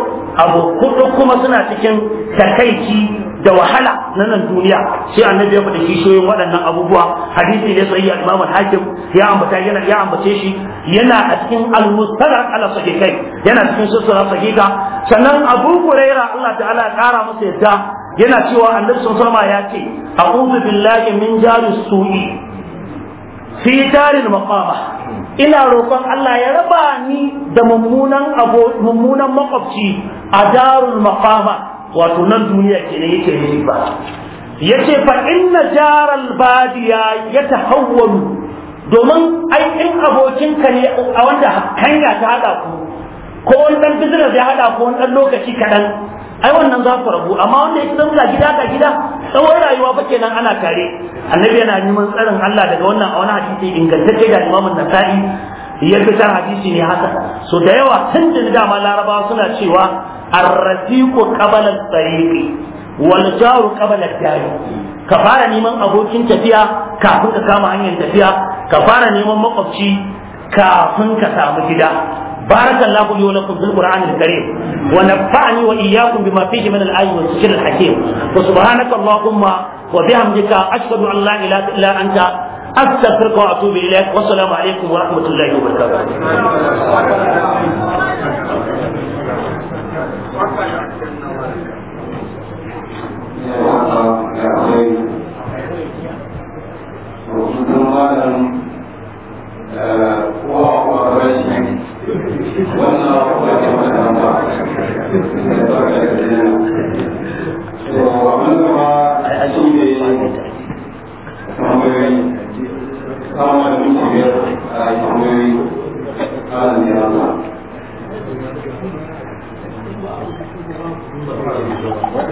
abu hudu kuma suna cikin takaici da wahala na nan duniya sai annabi ya faɗi kishiyoyin waɗannan abubuwa hadisi ne sai al-Imam hakim ya ambata yana ya ambace shi yana a cikin al-Mustadrak ala sahihain yana cikin sunan sahiha sannan Abu Hurairah Allah ta'ala ya kara masa yadda yana cewa annabi sallallahu alaihi ya ce a'udhu billahi min jari su'i fi daril maqama ina roƙon Allah ya raba ni da mummunan mummunan makwabci a darul maqama wato nan duniya kenan yake nufi ba yace fa inna jaral badiya yatahawwalu domin ai in abokinka ne a wanda hanya ta hada ku ko wani dan business ya hada ku wani dan lokaci kaɗan ai wannan za ku rabu amma wanda ya zama ga gida ga gida tsawon rayuwa ba kenan ana tare annabi yana neman tsarin Allah daga wannan a wani hadisi ingantacce da Imam Nasa'i ya fitar hadisi ne haka so da yawa tun da dama Larabawa suna cewa ar-rasiqu qabla at-tariqi wal jaru qabla at-dari ka fara neman abokin tafiya kafin ka kama hanyar tafiya ka fara neman makwabci kafin ka samu gida بارك الله لي ولكم في القرآن الكريم ونفعني وإياكم بما فيه من الآي والذكر الحكيم وسبحانك اللهم وبحمدك أشهد أن لا إله إلا أنت أستغفرك وأتوب إليك والسلام عليكم ورحمة الله وبركاته wa What?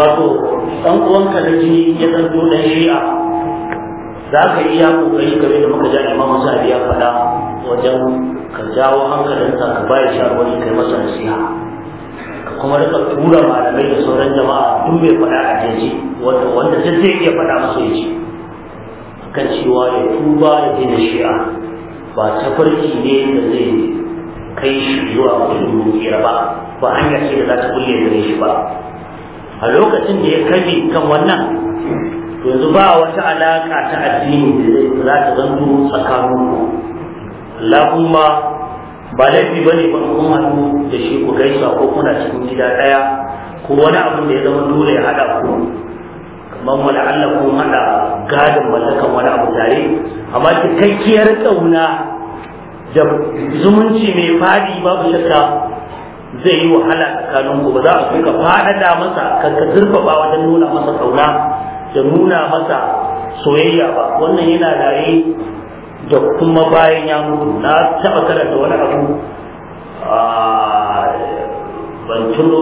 wato ɗan uwanka na jini ya zanto ɗan shi'a za ka iya kokari game da muka ja imamu sa'adi ya faɗa wajen ka jawo hankalinsa ka bayar shawarwari kai masa nasiha ka kuma rika tura malamai da sauran jama'a duk bai faɗa a jeji wanda wanda zai iya faɗa masa ya kan cewa ya tuba ya daina shi'a ba tafarki ne da zai kai shi zuwa kudin ba ba hanya ce da za ta kulle da shi ba a lokacin da ya kabe kan wannan yanzu ba wata alaka ta addini da zai za ta zanto tsakanin ku Allahumma ba laifi ba ne ban kun da shi ku gaisa ko kuna cikin gida ɗaya ko wani abin da ya zama dole ya haɗa ku kamar wala'alla kun haɗa gadon mallakan wani abu tare amma cikakkiyar ƙauna da zumunci mai faɗi babu shakka zai yi wahala tsakanin ku ba za a kuka faɗaɗa masa karka ka zurfafa wajen nuna masa ƙauna, da nuna masa soyayya ba wannan yana raye da kuma bayan ya mutu na taɓa karanta wani abu ban tuno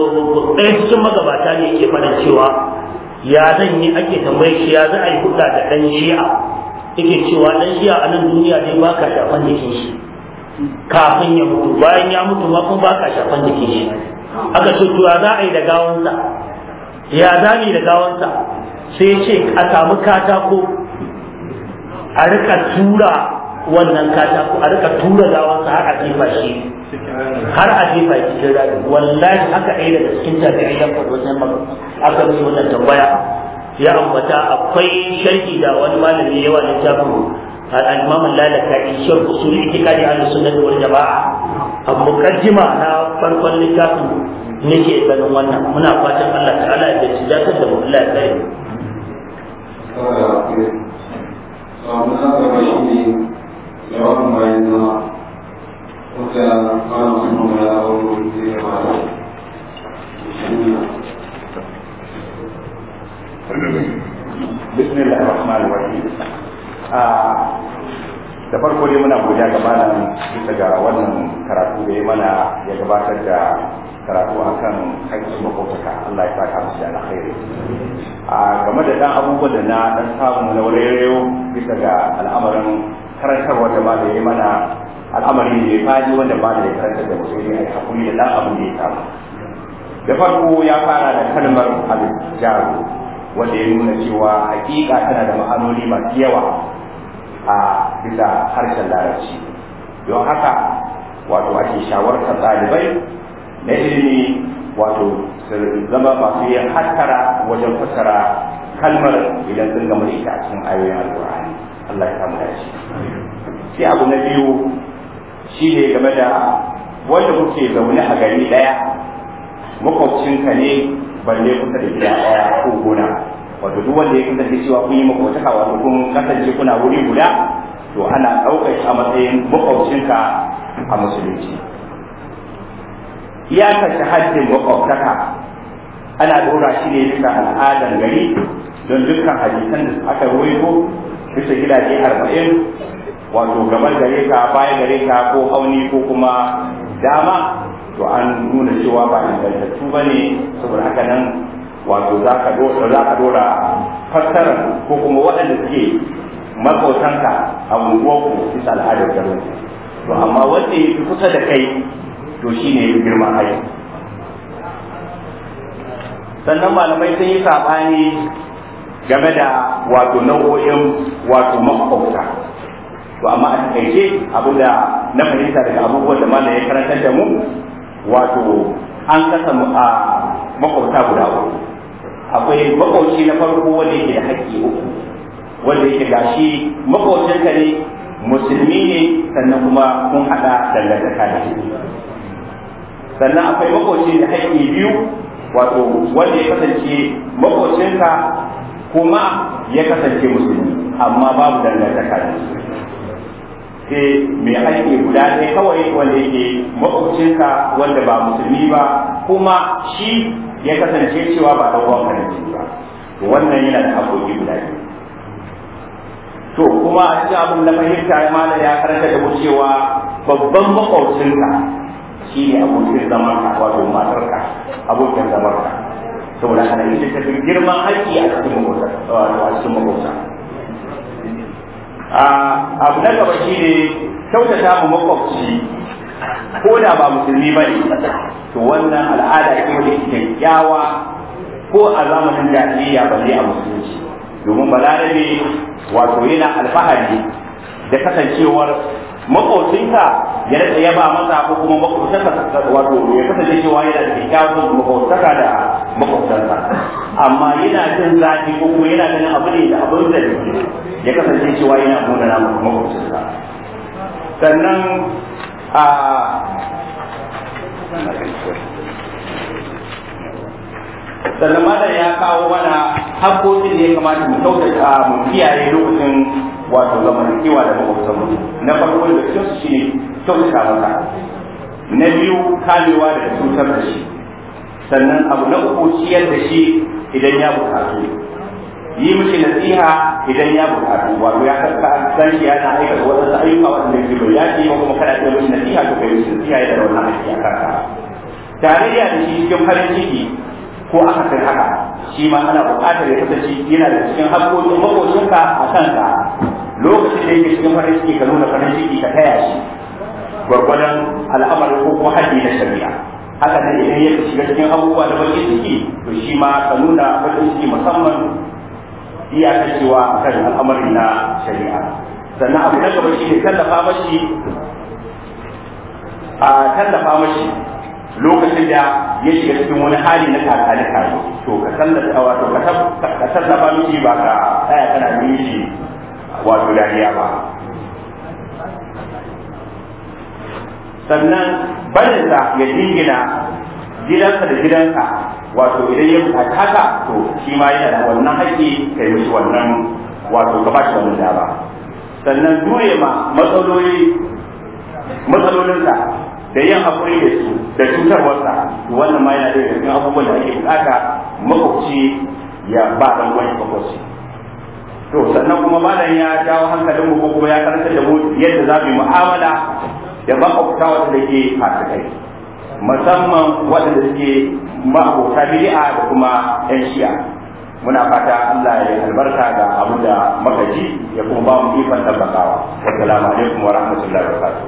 ɗaya cikin magabata ne yake faɗin cewa ya zan yi ake tambayar shi ya za a yi hulɗa da ɗan shi'a yake cewa ɗan shi'a a nan duniya dai ba ka shafan jikin shi kafin ya mutu bayan ya mutu ma kuma ba ka shafan da shi aka ce to za a yi da gawansa ya za mu yi da gawansa sai ce a samu katako a rika tura wannan katako a rika tura gawansa har a jefa shi har a jefa cikin rami wallahi haka ɗaya daga cikin tabi'ai ya wajen wannan magana aka yi wannan tambaya ya ambata akwai sharhi da wani malami yawa littafin al-imam al-lalaka'i shar usul itikadi al-sunnah wal jama'a a mukaddima na farkon littafin nake ganin wannan muna fatan Allah ta'ala ya ci dakar da mu Allah ya tsare Samuna gaba shi ne yawan bayan na wata kwanan suna mara wani zai yawa بسم الله الرحمن الرحيم da farko dai muna godiya ga malam bisa ga wannan karatu da ya mana ya gabatar da karatu kan haƙƙin makwabta Allah ya saka musu da alkhairi a game da dan abubuwan da na dan samu na wurarewo bisa ga al'amarin karantarwa da ba da ya mana al'amari ne fadi wanda ba da ya karanta da mutum ne a hakuri da dan abu da ya samu da farko ya fara da kalmar al-jaru wanda ya nuna cewa hakika tana da ma'anoni masu yawa a bisa harshen larabci don haka wato ake shawartar ɗalibai na ilimi wato zama masu yin hattara wajen fassara kalmar idan sun gama ita a cikin ayoyin alƙur'ani Allah ya samu dace sai abu na biyu shine game da wanda kuke zaune a gari ɗaya makwabcinka ne balle kusa da gida ɗaya ko gona wato duk wanda ya kasance cewa kun yi kawa ko kun kasance kuna wuri guda to ana ɗaukar shi a matsayin makwabcinka a musulunci Ya iyakar haddin makwabtaka ana dora shi ne duka al'adar gari don dukkan hadisan da aka ruwaito bisa gidaje arba'in wato gaban gare ka bayan gare ka ko auni ko kuma dama to an nuna cewa ba ingantattu ba ne saboda haka nan wato za ka dora fassara ko kuma waɗanda suke makotanka a unguwarku bisa al'adar garin to amma wanda ya fi kusa da kai to shine ya girma haya sannan malamai sun yi saɓani game da wato nau'o'in wato makwabta to amma a takaice abinda na fahimta daga abubuwan da malam ya karantar da mu wato an kasa makwabta guda uku akwai makoci na farko wanda yake da haƙƙi uku wanda yake gashi makocinka ne musulmi ne sannan kuma kun haɗa dangantaka da shi sannan akwai makoci da haƙƙi biyu wato wanda ya kasance makocinka kuma ya kasance musulmi amma babu dangantaka da shi sai mai haƙƙi guda ɗaya kawai wanda yake makocinka wanda ba musulmi ba kuma shi ya kasance cewa ba ɗan uwan ka ba wannan yana da haƙoƙi guda biyu to kuma a cikin abin da fahimta ya mana ya karanta da cewa babban makwabcinka shi ne abokin zaman ka wato matarka abokin zaman ka saboda haka ita ta fi girman haƙƙi a cikin makwabta wato a cikin makwabta ah, abu na gaba shi ne kyautata mu makwabci ko da ba musulmi ba ne to wannan al'ada ce wanda kyakkyawa ko a zamanin jahiliya ba zai a musulunci domin balarabe wato yana alfahari da kasancewar makocinka ya rasa yaba masa ko kuma makocinka wato ya kasance cewa yana da kyakkyawan makocaka da makocinka amma yana jin zafi ko kuma yana ganin abu ne da abin da ya kasance cewa yana nuna na makocinka sannan sannan malam ya kawo mana hakkokin da ya kamata mu kyautata mu kiyaye lokacin wato zamantakewa da makwabtan mu na farko da cikin su shine kyautata masa na biyu kamewa da cutar da shi sannan abu na uku ciyar da shi idan ya bukatu yi mishi nasiha idan ya bukatu wato ya karka san shi aika aikata wasu ayyuka wanda ke bai ya ce kuma kada ka mishi nasiha to kai mishi nasiha da wannan aiki a karka. tare da shi cikin farin ciki ko aka kai haka shi ma ana bukatar ya kasance yana da cikin haƙƙoƙin maƙocinka a kanka lokacin da yake cikin farin ciki ka nuna farin ciki ka taya shi gwargwadon al'amari ko kuma haɗi na shari'a haka nan idan ya shiga cikin abubuwa da bakin ciki to shi ma ka nuna bakin ciki musamman iya ta cewa a kan al'amari na shari'a sannan abu na gaba shi ne tallafa mashi a tallafa mashi lokacin da ya shiga cikin wani hali na kakani kayo to ka tallafa wato ka tallafa mishi ba ka tsaya kana mishi wato dariya ba sannan barinsa ya jingina gidansa da gidansa wato idan ya buƙaci haka to shi ma yana da wannan haƙƙi yi mishi wannan wato ka ba shi wannan dama sannan dole ma matsaloli matsalolinsa da yin haƙuri da su da cutarwarsa wannan ma yana da cikin abubuwan da ake buƙata makwabci ya ba dan wani makwabci to sannan kuma malam ya jawo hankalin mu ko kuma ya karanta da mu yadda za mu yi mu'amala da makwabta da ke fasikai musamman waɗanda suke ma'abota bid'a da kuma 'yan shi'a muna fata Allah ya albarka ga abu da makaji ya kuma ba mu ifan tabbatawa assalamu alaikum wa rahmatullahi wa barakatuh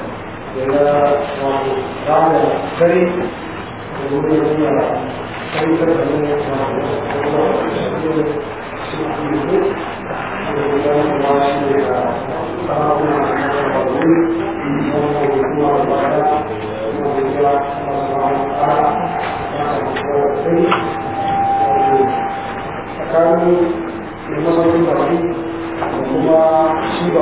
da ya wato samu kare da wuri da kuma kare da kuma ya samu da kuma da su ke yi da kuma da kuma shi da ya samu da kuma da wuri da kuma da kuma da kuma da kuma da kuma da kuma sani tsakanin da masaukin baki da kuma shi ba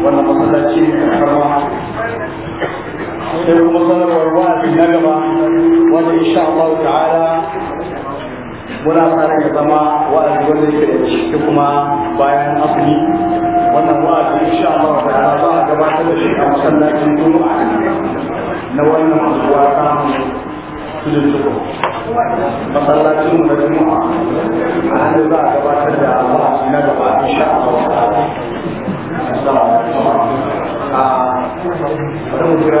wannan masallaci a insha Allah ta'ala muna fara ya zama wa'azi wanda yake da shi kuma bayan asali wannan wa'azi insha Allah ta'ala za a gabatar da shi a masallacin Juma'a na wannan unguwa ta tudun tuko masallacin mu na Juma'a a hannu za a gabatar da wa'azi na gaba insha Allah ta'ala a ah, bari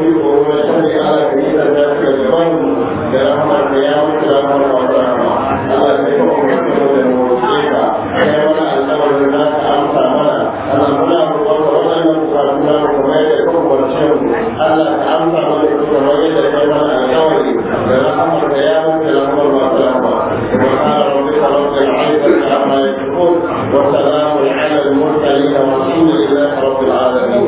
والسلام على المرسلين والحمد لله رب العالمين